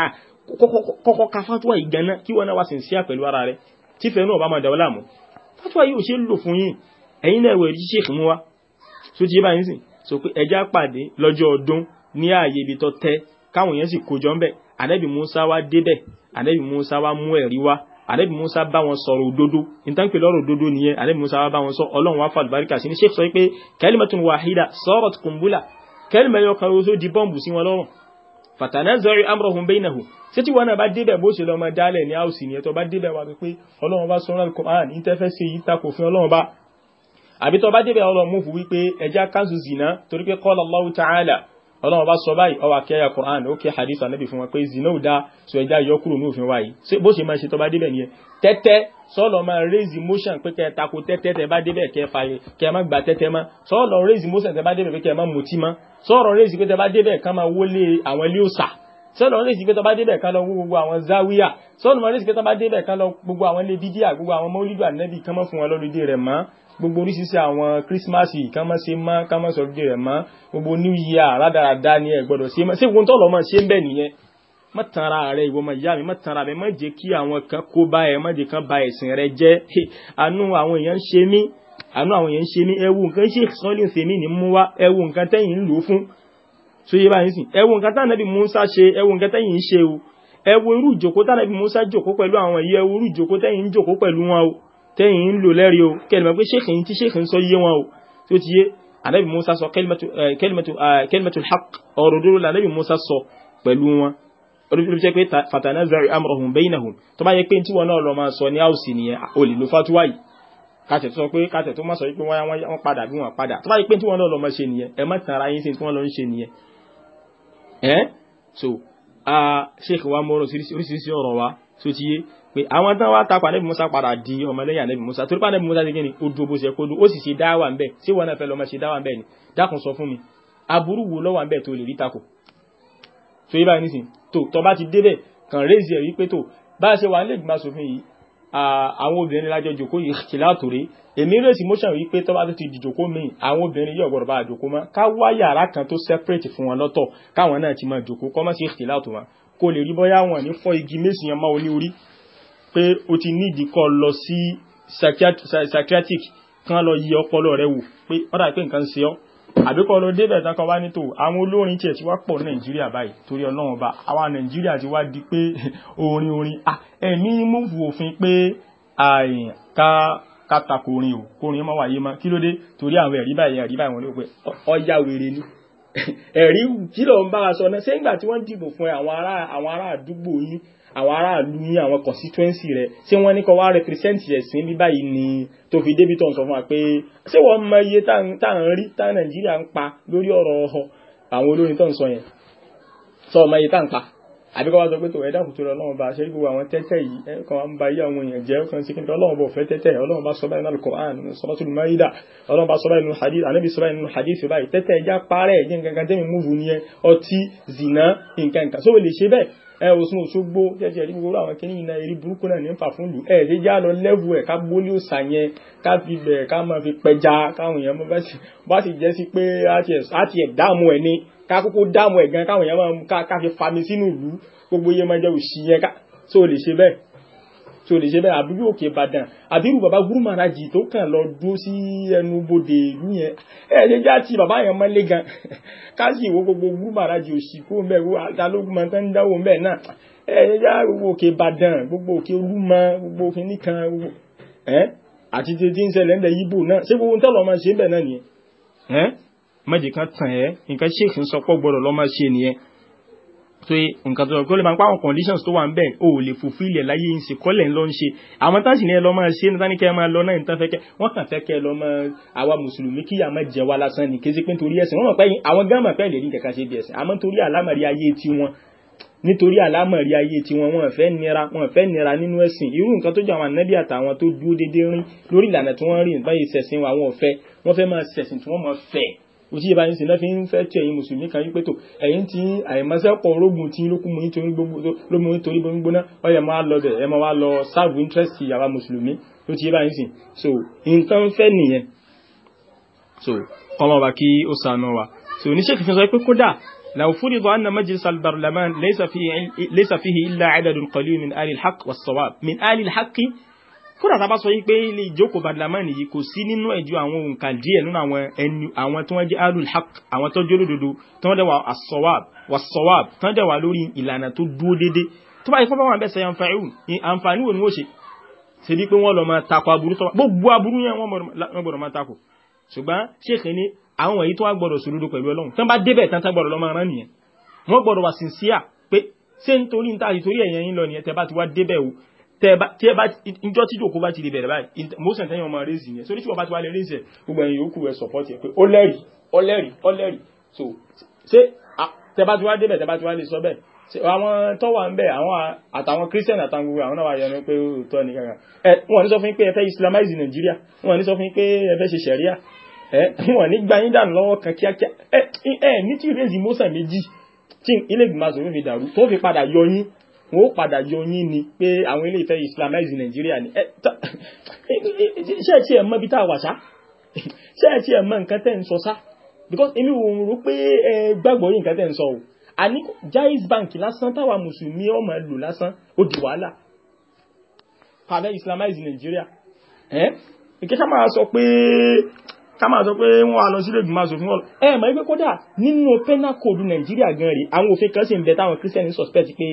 kọ́kọ́ ka fatuwa yìí gan náà kí wọ́n náà wá sincere pẹ̀lú ara rẹ̀ tí fẹ́ náà bá máa dàwọ́ láàmú fatuwa yìí ò ṣe é lò fún yín ẹ̀yin náà wẹ̀ rí ṣèkì wa tó ti yé báyìí sìn sọ pé ẹja pàdé musa wá débẹ̀ ànábì musa wá mú ẹ̀rí wá ànábì musa bá wọn sọ̀rọ̀ òdodo nítorí pé lọ́rọ̀ òdodo nìyẹn ànábì musa bá wọn sọ ọlọ́run wá fàlùbáríkà sí ní sheikh sọ pé kalimatun wahida sarat kumbula kẹlìmọ̀ ẹ̀yọ kan oṣù di bọ́ǹbù sí wọn lọ́rùn fatanazaru amrahum bainahum títí wọn náà bá débẹ̀ bó ṣe lọ́mọ dálẹ̀ ní áùsì ni ẹ̀tọ́ bá débẹ̀ wà pé ọlọ́run bá sọ́nà Al-Qur'an ní tẹ́fẹ́ sí yìí takò fún ọlọ́run bá àbí tó bá débẹ̀ ọlọ́run mú fún wípé ẹja kanṣu zina torí pé qala Allahu ta'ala ọlọ́run bá sọ báyìí ọwọ́ akẹ́yà Qur'an ó kí hadith anabi fún wọn pé zina ò dáa sọ ẹja yọ kúrò ní òfin wáyé bó ṣe máa ṣe tọ́ débẹ̀ nìyẹn tẹ́tẹ́ sọ́ọ̀lọ́ máa raise motion pé kẹ́ tako tẹ́tẹ́ tẹ́ bá débẹ̀ kẹ́ fa kẹ́ ẹ má gba tẹ́tẹ́ mọ́ sọ́ọ̀lọ́ raise motion tẹ́ bá débẹ̀ pé kẹ́ má mutí mọ́ sọ́ọ̀lọ́ raise pé tẹ́ bá débẹ̀ kán máa wọlé àwọn ilé òòsà sọ́ọ̀lọ́ raise pé tẹ́ débẹ̀ kán lọ wó gbogbo àwọn záwíyà sọ́ọ̀lọ́ raise pé tẹ́ débẹ̀ kán lọ gbogbo àwọn ilé bídíà gbogbo àwọn mọ́lídùú ànẹ́bì kán mọ́ fún wọn lọ́lùdí rẹ̀ mọ́ gbogbo oríṣiríṣi àwọn kírísímàsì kán mọ́ ṣe mọ́ kán mọ́ sọ̀rọ̀ dé rẹ̀ mọ́ gbogbo new year rádaràda ni ẹ̀ gbọ́dọ̀ ṣe mọ́ ṣé wọn tọ́lọ́ mọ́ ṣe ń bẹ̀ nìyẹn má tanra rẹ ìwọ ọmọ ìyá mi má tanra rẹ má jẹ́ kí àwọn kan kó bá ẹ má jẹ́ kán ba ẹ̀sìn rẹ jẹ́ àánú àwọn èèyàn ń ṣe mí àánú àwọn èèyàn ń ṣe mí ẹ wo nǹkan ṣe sọ́ọ́lì fèmí ni mú wá ẹ wo nǹkan tẹ́yìn ń lò fún so yé báyìí sìn ẹ wo nǹkan tánàbí Musa ṣe ẹ wo nǹkan tẹ́yìn ń ṣe o ẹ wo irú ìjòkó tánàbí Musa jòkó pẹ̀lú àwọn yìí ẹ wo irú ìjòkó tẹ́yìn ń jòkó pẹ̀lú wọn o tẹ́yìn ń lò lẹ́rí o kẹlìmọ̀ pé ṣéèkì tí ṣéèkì ń sọ yé wọn o tí ó ti yé anábì musa sọ kẹlìmọ̀tò haq ọ̀rọ̀ dúró la anábì musa sọ pẹ̀lú wọn olùfẹ́ jẹ́ pé fatana zari amrahum bainahum tó bá yẹ pé tí wọn náà lọ máa sọ ní áùsì nìyẹn o lè lo fatuwa yìí kàtẹ̀ tó sọ pé kàtẹ̀ tó má sọ pé wọ́n padà bí wọ́n padà tó bá yẹ pé tí wọn náà lọ máa ṣe nìyẹn ẹ má tara yín sí tí wọ́n lọ ń ṣe nìyẹn ẹ́ so sheikh wa mọ́rọ̀ oríṣiríṣi ọ̀rọ̀ wa so ti yé pé àwọn tán wá takò ànábì musa padà di ọmọlẹ́yìn ànábì musa torí pé musa ti ni ó dúró bó ṣe kó dúró ó sì ṣe dáwà ń bẹ̀ ṣé wọn náà fẹ́ lọ́mọ ṣe dáwà ń bẹ̀ ni dákun sọ fún mi aburú wo ló wà ń bẹ̀ tó lè rí takò tó yí báyìí nísìn tó tó bá ti débẹ̀ kàn rézì ẹ̀ wípé tó bá a ṣe wà nílẹ̀ ìgbìmọ̀ asòfin yìí àwọn obìnrin lájọ jòkó yìí kì látòrè èmi rèsì motion wípé tó bá tó ti dìjòkó mi àwọn obìnrin yóò gbọdọ̀ bá a jòkó mọ́ ká wá yàrá kan tó separate fún wọn lọ́tọ̀ káwọn náà ti máa jòkó kọ́ mọ́ sí kì látò wọn kó lè rí bóyá wọn ní fọ́ igi méjì yẹn mọ́ oní orí pé o ti ní ìdíkọ́ lọ sí psychiatric kan lọ yí ọpọlọ rẹ wò pé ọ̀dà pé nǹkan ń ṣe ọ́ àbíkọ́ ló débẹ̀ tán kan wá ní tò àwọn olórin tiẹ̀ ti wá pọ̀ nàìjíríà báyìí torí ọlọ́run ọba àwa nàìjíríà ti wá di pé orin orin ẹ̀mí múfù òfin pé ká kátàkó orin o kórin mọ́ wáyé mọ́ kí ló dé torí àwọn ẹ̀rí báyìí ẹ̀rí báyìí wọn ló pé ọjà wèrè ni ẹ̀rí kí ló ń bá a sọ náà ṣé ìgbà tí wọ́n dìbò fún àwọn ará àdúgbò yín àwọn aráàlú ní àwọn constituency rẹ̀ ṣé wọ́n ní kó wá represent rẹ̀ sí bí báyìí ni tó fi débi tó ń sọ fún wa pé ṣé wọ́n mọ iye tá à ń rí tá Nàìjíríà ń pa lórí ọ̀rọ̀ àwọn olórin tó ń sọ yẹn sọ ọmọ iye tá à ń pa àbí kọ́ wá sọ pé tó ẹ̀dá kùtù rẹ̀ ọlọ́run bá ṣe gbogbo àwọn tẹ́tẹ́ yìí ẹ̀kan wa ń ba iye àwọn èèyàn jẹ́ ọkàn sí kíndìn ọlọ́run bọ̀ fẹ́ tẹ́tẹ́ ọlọ́run bá sọ báyìí nínú Al-Qur'an Suratul Maida ọlọ́run bá sọ báyìí nínú hadith Ànábì sọ báyìí nínú hadith báyìí tẹ́tẹ́ ẹja parẹ́ ẹ̀jẹ̀ nǹkan tẹ́mi múvù ni ẹ ọtí zìnà nǹkan kan sówó lè ṣe bẹ́ẹ̀ ẹ Ọ̀ṣun Òṣogbo jẹjẹ ẹrí gbogbo àwọn kìnìún iná eré burúkú náà ní ń fún lù ẹ ẹdí já lọ lẹ́wù ẹ ká gbólé òòsà yẹn ká fi bẹ̀ ká máa fi pẹja káwọn èèyàn bá ti jẹ́ sí pé á ti ẹ̀ dààmú ẹ ní ká kúkú dáàmú ẹ̀ gan káwọn èèyàn máa ká fi fami sínú ìlú gbogbo iye máa jẹ́ òṣì yẹn ká tó lè ṣe bẹ́ẹ̀ tó lè ṣe bẹ́ẹ̀ àbí yóò ké Ìbàdàn àbí irú bàbá Gúrú Màrájì tó kàn lọ dúró sí ẹnu bodè ìlú yẹn ẹ ṣe já ti bàbá yẹn mọ́lé gan ká sì wo gbogbo Gúrú Màrájì òṣì kó ń bẹ̀ wo àdálógún máa ń dáwọ́ ń bẹ̀ náà ẹ ṣe já gbogbo òkè Ìbàdàn gbogbo òkè Olúmọ gbogbo òkè nìkan àti tètè ń ṣẹlẹ̀ ń bẹ̀ yíbo náà ṣé gbogbo ń tẹ̀lọ́ máa ṣe ń bẹ̀ náà nìyẹn méjì kan tàn ẹ́ nǹkan sheikh ń sọpọ̀ gbọ́dọ̀ lọ́ máa ṣe nìyẹn tó yẹ nǹkan tó kọ́ lè máa ń conditions tó wà ń bẹ̀ ò lè fulfill ẹ̀ láyé ń ṣe kọ́lẹ̀ ńlọ ń ṣe àwọn táàsì ni ẹ lọ máa ṣe ní táníkẹ́ máa lọ náà níta fẹ́kẹ́ wọ́n kàn fẹ́ kẹ́ lọ máa àwa mùsùlùmí kí yà máa jẹ wa lásán ní kése pé nítorí ẹ̀sìn wọ́n mọ̀ pé àwọn gáàmà pẹ́ lè rí kankan ṣe bí ẹ̀sìn àmọ́ nítorí àlámọ̀rí ayé tiwọn nítorí àlámọ̀rí ayé tiwọn wọn fẹ́ nira wọn fẹ́ nira nínú ẹ̀sìn irú nǹkan tó jẹ́ àwọn ànábì àtàwọn tó dúró déédéé rìn lórí ìlànà tí wọ́n rìn báyìí ṣẹ̀sìn wa wọn fẹ́ máa ṣẹ̀sìn tí wọ́n máa fẹ́ òtí ìbá ń ṣe lẹ́fí ń fẹ́ tí ẹ̀yin mùsùlùmí kan yípe tó ẹ̀yin tí àìmọ́sẹ́pọ̀ orógun tí lókùnmù nítorí gbóngbóná ọyẹ máa lọ bẹ̀ ẹ máa wá lọ serve interest àwa mùsùlùmí òtí ìbá ń sìn so nǹkan fẹ́ nìyẹn so ọmọ wa kí ó sànú wa so oníṣẹ́ kìí sọ pé kódà لو فرض أن مجلس البرلمان ليس فيه ليس فيه إلا عدد قليل من آل الحق والصواب من آل الحق kódà tá a bá sọ yìí pé ilé ìjókòó badlamani yìí kò sí nínú ẹ̀ ju àwọn òǹkà díẹ̀ nínú àwọn ẹni àwọn tí wọ́n jẹ́ alul haq àwọn tó jẹ́ olódodo tí wọ́n dẹ̀ wà asọ́wàb wà sọ́wàb tí wọ́n dẹ̀ wà lórí ìlànà tó dúró déédéé tó bá yẹ kó bá wọn bẹ́sẹ̀ àǹfààní wo ni wọ́n ṣe ṣe bí pé wọ́n lọ máa takò aburú tó gbogbo aburú yẹn wọ́n gbọ́dọ̀ máa takò ṣùgbọ́n ṣé tí ẹ bá ìjọ tí jòkó bá ti lè bẹ̀rẹ̀ báyìí mọ́sàn tẹ́yìn ọmọ rẹ̀ zìyẹn so ní tí wọ́n bá ti wá lè rí ìṣẹ̀ gbogbo ẹ̀yìn yòókù ẹ̀ sọ̀pọ̀tì ẹ̀ pé ó lẹ́rìí ó lẹ́rìí ó lẹ́rìí so ṣé tẹ bá ti wá débẹ̀ tẹ bá ti wá lè sọ bẹ́ẹ̀ ṣe àwọn tó wà ń bẹ̀ àwọn àtàwọn christian àtàwọn gbogbo àwọn náà wà yẹnu pé òótọ́ ni kankan ẹ wọn ní sọ fún yín pé ẹ fẹ́ islamize nàìjíríà wọn ní sọ fún yín pé ẹ fẹ́ ṣe sẹ̀ríà ẹ wọn ní gba yín dànù lọ́wọ́ kan kíákíá ẹ ẹ ní tí ìrèzì mọ́sàn méjì tí ilé ìgbìmọ̀ asòfin fi dàrú tó fi padà yọ yín wọn ó padà yọ yín ni pé àwọn ilé ìfẹ́ islamize nàìjíríà ni ṣé ẹ ti ẹ̀ mọ̀ bí tá a wà ṣá ṣé ti ẹ̀ mọ̀ nǹkan tẹ́ ń sọ ṣá because èmi ò rò pé ẹ gbàgbọ́ yìí nǹkan tẹ́ ń sọ o àní Jaiz Bank lásán táwa mùsùlùmí ọmọ lò lásán ó di wàhálà padà islamize nàìjíríà ẹ kí ká máa sọ pé ká máa sọ pé wọ́n wá lọ sílé ìgbìmọ̀ asòfin wọn. ẹ mọ̀ wípé kódà nínú penal code nàìjíríà gan rèé àwọn òfin kan sì ń bẹ táwọn kírísítẹ́nì suspect pé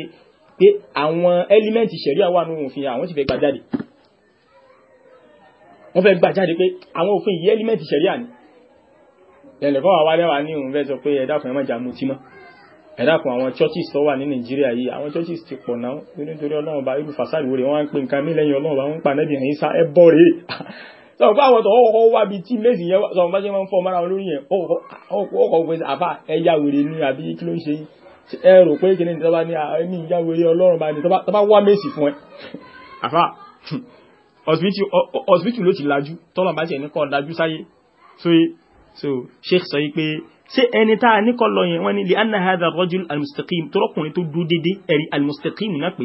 pé àwọn ẹ́límẹ́ǹtì ṣẹ̀ríà wà nínú òfin àwọn sì fẹ́ gbà jáde wọ́n fẹ́ gbà jáde pé àwọn òfin yìí ẹ́límẹ́ǹtì ṣẹ̀ríà ni lẹ́lẹ̀ fọ́wà wálẹ̀ wà ní òun fẹ́ sọ pé ẹ dákun ẹ má jà mutí mọ́ ẹ dákun àwọn churches tó wà ní Nàìjíríà yìí àwọn churches ti pọ̀ náà nítorí Ọlọ́run bá irú fàṣàlì wo rẹ̀ wọ́n á ń pè nǹkan mí lẹ́yìn Ọlọ́run bá ń pa nẹ́bí ẹ̀yìn sá ẹ bọ́ rèé sọ fún àwọn tó ọkọ̀ wá bí tí méjì yẹn sọ fún bá ṣe máa ń fọ́ mọ́ra wọn lórí yẹn ọkọ̀ ọkọ̀ ọkọ̀ ẹ̀yà wèrè ni àbí kí ló ń ṣe yìí ẹ rò pé kí ni tí wọ́n bá ní ní ìyáwèrè ọlọ́run bá ní tó bá wá mèsì fún ẹ àfà hospital ló ti lajú tọ́lọ̀ bá tiẹ̀ ní kọ́ lajú sáyé sóyè so sheikh sọ yìí pé ṣé ẹni tá a ní kọ́ lọ yẹn wọ́n ní lè anna hadha rajul almustaqim tọrọkùnrin tó dúró dédé ẹ̀rí almustaqim náà pé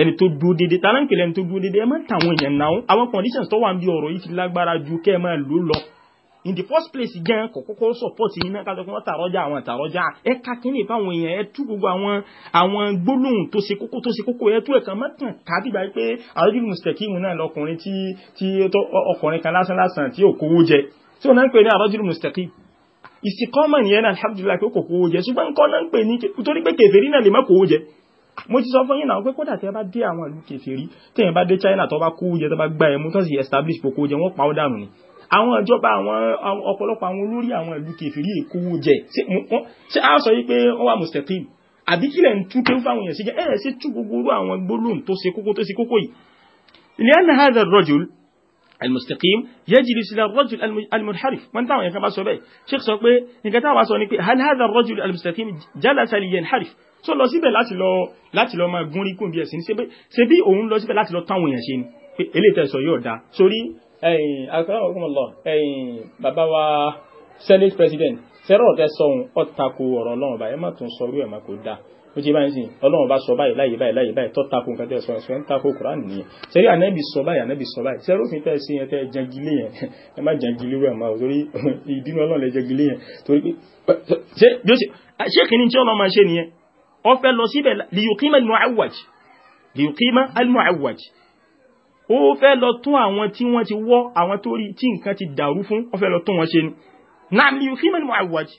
ẹni tó dúró dédé tá a náà ń kele ẹni tó dúró dédé ẹ máa ń tàwọn èèyàn náà àwọn conditions tó wà ń bí ọ̀rọ̀ yìí ti lágbára ju kẹ́ ẹ máa lò lọ in the first place gan kò kọ́kọ́ support yín náà kájọ pé wọ́n tàrọ́jà àwọn tàrọ́jà ẹ ká kínní fáwọn èèyàn ẹ tú gbogbo àwọn àwọn gbólóhùn tó ṣe kókó tó ṣe kókó ẹ tú ẹ̀kan mọ́tàn kábígbà pé àròjù mùsítẹ̀kìmù náà lọkùnrin tí tí ọkùnrin kan lásán lásán tí ò kówó jẹ tí ò náà ń pè ní àròjù mùsítẹ̀kìmù ìsìkọ́mọ̀ nìyẹn náà alhamdulilayi pé kò kówó jẹ ṣùgbọ́n nǹkan náà ń pè ní torí pé kèfèrí náà lè má kówó jẹ mo ti sọ fún yín náà pé kódà tí ẹ bá dé àwọn ìlú kèfèrí tí ẹ bá dé China tó bá kówó jẹ tó bá gbá ẹ mú tó sì establish kókó jẹ wọ́n pa ọ́ dànù ni àwọn ìjọba àwọn ọ̀pọ̀lọpọ̀ àwọn olórí àwọn ìlú kẹfìrí èkówó jẹ ṣé a sọ wípé ó wà mustaqim àbí kílẹ̀ ń tú kéwú fáwọn èèyàn sí jẹ́ ẹ̀ sí tú gbogbo orú àwọn gbólóhùn tó ṣe kókó tó ṣe kókó yìí ilé ẹ̀nà hadha rajul المستقيم يجلس الى الرجل المنحرف من تعمل كما سوبي شيخ سو بي نكان تعمل سو ني هل هذا الرجل المستقيم جلس لينحرف so lọ síbẹ̀ láti lọ láti lọ máa gún rí kún bí ẹ̀sìn ṣe bí òun lọ síbẹ̀ láti lọ táwọn èèyàn ṣe ni pé eléyìí tẹ̀sán yóò dáa sórí ẹ̀yìn akọ́lọ́wọ́kọ́mọ̀lọ́ ẹ̀yìn bàbá wa senate president fẹ́rọ̀ tẹ́ sọ̀hún ọ̀tako ọ̀rọ̀ ọlọ́run bá ẹ má tún sọrú ẹ̀ má kò dáa ó ti báyìí sìn ọlọ́run bá sọ báyìí láyé báyìí láyé báyìí tó tako nǹkan tẹ́ sọ ẹ̀sọ́ ń tako Kùránì nìyẹn sẹ́rí ànábì sọ báyìí ànábì sọ báyìí sẹ́rí òfin tẹ́ sí yẹn tẹ́ jẹgilé yẹn ẹ má jẹgilé rẹ̀ máa torí ìbínú ọlọ́run lẹ ó fẹ́ lọ tún àwọn tí wọ́n ti wọ́ àwọn tó rí tí nǹkan ti dàrú fún ó fẹ́ lọ tún wọn ṣe ni náàmì fíìmù mọ àwùwájì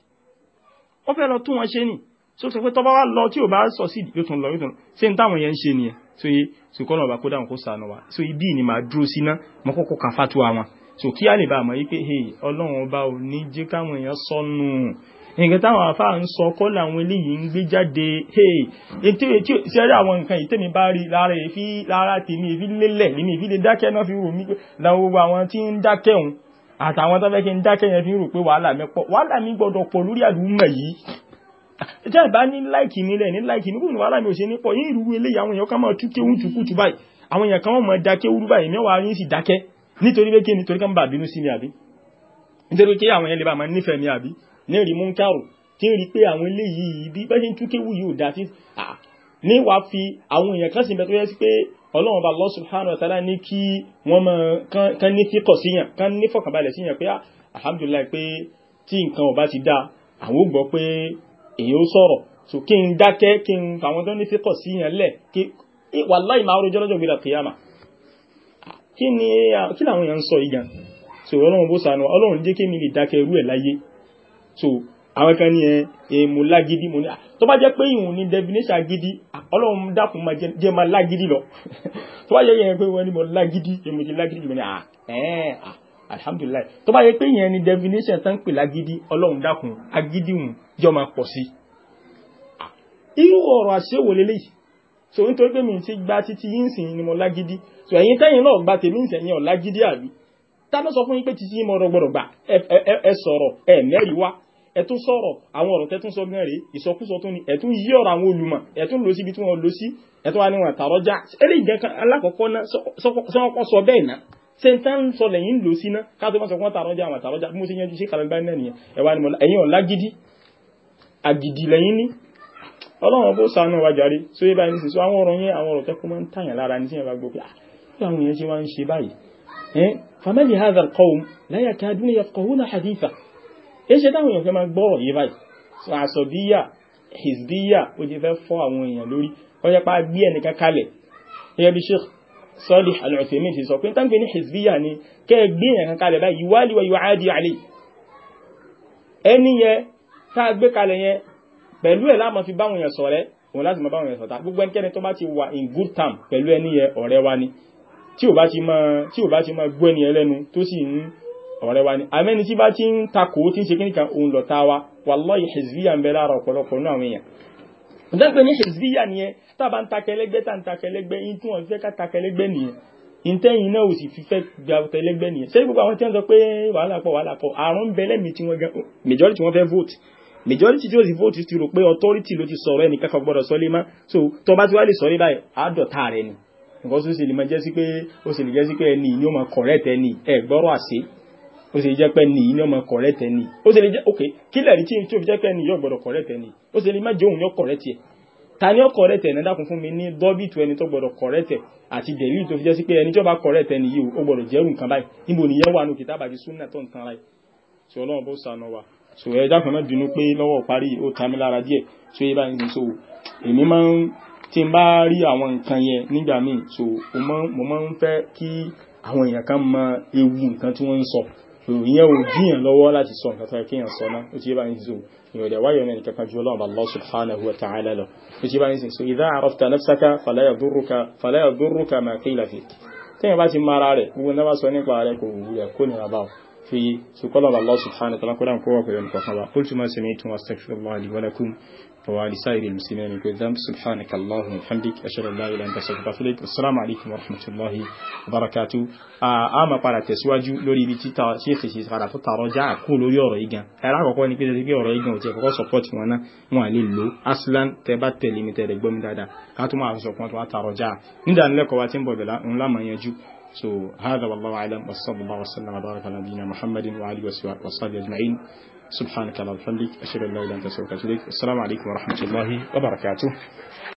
ó fẹ́ lọ tún wọn ṣe ni tó sọ pé tọ́ba wa lọ tí ò bá sọ sí yóò tún lọ yóò tún ṣe ń táwọn yẹn ń ṣe nìyẹn so yé so kọ́ náà bá kó dáhùn kó sànù wa so ibi ni màá dúró sí ná mo kọ́kọ́ kà fatu àwọn so kí á lè bá a mọ̀ yí pé ọlọ́run ọba ò ní jẹ́ káwọn èèyàn sọnù nǹkan táwọn àfáà ń sọ kọ́ làwọn eléyìí ń gbé jáde ṣẹ́rí àwọn nǹkan ìtẹ́mi bá rí lára èéfí lára tèmi èéfí lélẹ̀ nínú èéfí lè dákẹ́ náà fi rò mí pé làwọn gbogbo àwọn tí ń dákẹ́ òun àtàwọn tó fẹ́ kí ń dákẹ́ yẹn fi rò pé wàhálà mi pọ̀ wàhálà mi gbọ́dọ̀ pọ̀ lórí àdúmọ̀ yìí tẹ́ ẹ̀ bá ní láìkì mi lẹ̀ ní láìkì mi kò ní wàhálà mi ò ṣe ní pọ̀ yín ìrú eléyìí àwọn èèyàn kan máa tú ní rí múnkàrù tí ń rí pé àwọn eléyìí bí bá ṣe ń túkéwù yìí ò dá sí ní wà fi àwọn èèyàn kan sì bẹ tó yẹ sí pé ọlọ́run bá Allah subhanahu wa ta'ala ní kí wọ́n mọ kán ní fíkọ̀ síyàn kán ní fọkànbalẹ̀ síyàn pé alhamdulillah pé tí nǹkan ò bá ti dá àwọn ò gbọ́ pé èyí ó sọ̀rọ̀ so kí n dákẹ́ kí n àwọn tó ní fíkọ̀ síyàn lẹ̀ kí eh, wallahi máa rojọ́ lọ́jọ́ gbéra kìyàmà kí ni àwọn èèyàn ń sọ yìí gan so ọlọ́run bó sànù ọlọ́run jẹ́ kí mi lè dákẹ́ irú ẹ̀ láyé so àwọn kan ní ẹ èèmù lágídí mo ní à ah, tó bá jẹ́ pé ìhùn ní definition agídí ah, ọlọ́run dákun máa jẹ́ máa lágídí lọ tó bá jẹ́ yẹn pé wọ́n ní mo lágídí èmi ti lágídí mo ní à ah, ẹ́ẹ̀ à alhamdulilayi tó bá jẹ́ pé yẹn ní definition tán pè lágídí ọlọ́run dákun agídí hùn jọ máa pọ̀ sí. irú ọ̀rọ̀ àṣewò lélẹ́yìí so nítorí pé mi ti gba títí yín sìn ni mo lágídí so ẹ̀yin tẹ́yìn náà gba tèmi sìn ẹ̀yin ọ̀ lágídí àbí tá ló sọ fún yín pé títí yín mo rọ ẹ̀tún sọ̀rọ̀ àwọn ọ̀rọ̀ tẹ́tún sọ gan rèé ìsọkúsọ tó ní ẹ̀tún yí ọ̀rọ̀ àwọn olùmọ̀ ẹ̀tún lọ síbi tí wọ́n lọ sí ẹ̀tún wa ní wọn àtàrọ́jà eléyìí gan kan alákọ̀ọ́kọ́ náà sọ́kọ́ sọ bẹ́ẹ̀ náà sẹ́ńtà ń sọ lẹ́yìn lọ sí náà káàtó máa sọ fún àtàrọ́jà àwọn àtàrọ́jà bí mo ṣe yanjú sí kàlẹ́ńbá náà nìyẹn ẹ̀wà ni mo ẹ̀yìn ọ̀la gidi àgìdì lẹ́yìn ní ọlọ́run bó sànú wa jàre so yé báyìí nísinsìnyí àwọn ọ̀rọ̀ yẹn àwọn ọ̀rọ̀ tẹ́kọ́ máa ń tàyàn lára ní síyẹn bá gbọ́ pé ah, àwọn àwọn ṣe wá ń ṣe báyìí ẹ́ famali hadha alqawm la yakaduna yafqahuna haditha èṣe táwọn èèyàn fẹ́ máa gbọ́ ọ̀yẹ́ báyìí so àsọ̀bíyà hizbiya ó ti fẹ́ fọ́ àwọn èèyàn lórí wọ́n yẹ pa gbé ẹnìkan kalẹ̀ gẹ́gẹ́ bí Sheikh Salih Al-Uthaymin ti sọ pé táwọn ní hizbiya ni kẹ́ ẹ gbé ẹnìkan kalẹ̀ báyìí ali ẹni yẹn tá a gbé kalẹ̀ yẹn pẹ̀lú ẹ̀ láàmú fi báwọn èèyàn sọ̀rẹ́ òun láti máa báwọn èèyàn sọ̀tà gbogbo ẹnikẹ́ni tó bá ti wà in good time pẹ̀lú ẹni yẹn ọ̀rẹ́ wa ni tí ò bá ti máa gbọ́ ẹni yẹn lẹ́nu tó sì ń ọ̀rẹ́ wa ni amẹ́ni tí bá ti ń takò tí ń ṣe kíníkan òun lọ̀tá wa wallahi hezbiya ń bẹ lára ọ̀pọ̀lọpọ̀ náà àwọn èèyàn ìdáǹpẹ̀ ní hezbiya nìyẹn tábà ń takẹlẹ́gbẹ́ tá ń takẹlẹ́gbẹ́ in tí wọ́n fẹ́ ká takẹlẹ́gbẹ́ nìyẹn in tẹ́yìn majority wọ́n fẹ́ majority tí ó sì vote ti rò pé authority ló ti sọ̀rọ̀ ẹnìkan kan gbọ́dọ̀ sọ́lé má so tó bá ti wá lè sọ́lé báyìí àádọ́ta rẹ̀ ni nǹkan tó sì lè máa jẹ́ sí pé ó sì lè jẹ́ sí pé ẹni ni ó máa correct ẹni ẹ̀ gbọ́rọ̀ àṣẹ ó sì jẹ́ pé ní iná máa correct ẹni ó sì lè jẹ́ ok kí lẹ́rìí tí tí ó fi jẹ́ pé ní yóò gbọ́dọ̀ correct ẹni ó sì lè má jẹ́ òun yóò correct ta ni ó correct ẹ̀ nàdàkùn fún mi ní dọ́bìtì ẹni tó gbọ́dọ̀ correct ẹ̀ àti dẹ̀lí tó fi jẹ́ sí pé ẹni tó bá correct ẹni yìí ó gbọ́dọ̀ jẹ́rù nǹkan báyìí níbo nìyẹn wà nù kìtàbà àti súnà tó nǹkan yẹn àwọn èèyàn kan mọ ewu nǹkan tí wọ́n ń sọ ìyẹn ò díyàn lọ́wọ́ láti sọ nǹkan tó yẹ kéèyàn sọ náà ó ti yé bá ní sí zoom ìyẹn òdẹ̀ wáyọ̀ náà nìkan kan ju ọlọ́run Allah subhanahu wa ta'ala lọ ó ti yé bá ní sí so idha arafta nafsaka fala yadurruka fala yadurruka ma qila fik téèyàn bá ti mara rẹ̀ gbogbo náà sọ nípa rẹ̀ kò wúlẹ̀ kó nira bá fi sùkọ́lọ̀ Allah subhanahu wa ta'ala kó dáhùn kó wà pẹ̀lú nǹkan kan وعلى سائر المسلمين من كل ذنب سبحانك اللهم وبحمدك أشهد أن لا إله إلا أنت أستغفرك وأتوب إليك والسلام عليكم ورحمة الله وبركاته a máa padà tẹ̀síwájú lórí ibi tí ṣéèkì ṣe padà tó tààrọ já àkó lórí ọ̀rọ̀ igan ẹ̀rọ àkọ́kọ́ ni pé tẹ́tí pé ọ̀rọ̀ igan ò tiẹ̀ kọ́kọ́ support wọn náà wọn à lè lò aslan tẹ bá tẹ̀lé mi tẹ̀lé gbọ́ mi dáadáa ká tó máa sọ pọ́n tó wá tààrọ já nídánilẹ́kọ̀ọ́ wa ti ń bọ̀ bẹ̀lá ńlá mọ̀ yanjú so هذا والله أعلم وصلى الله وسلم وبارك على نبينا محمد وعلى آله وصحبه أجمعين سبحانك اللهم وبحمدك أشهد أن لا إله إلا أنت أستغفرك السلام عليكم ورحمة الله وبركاته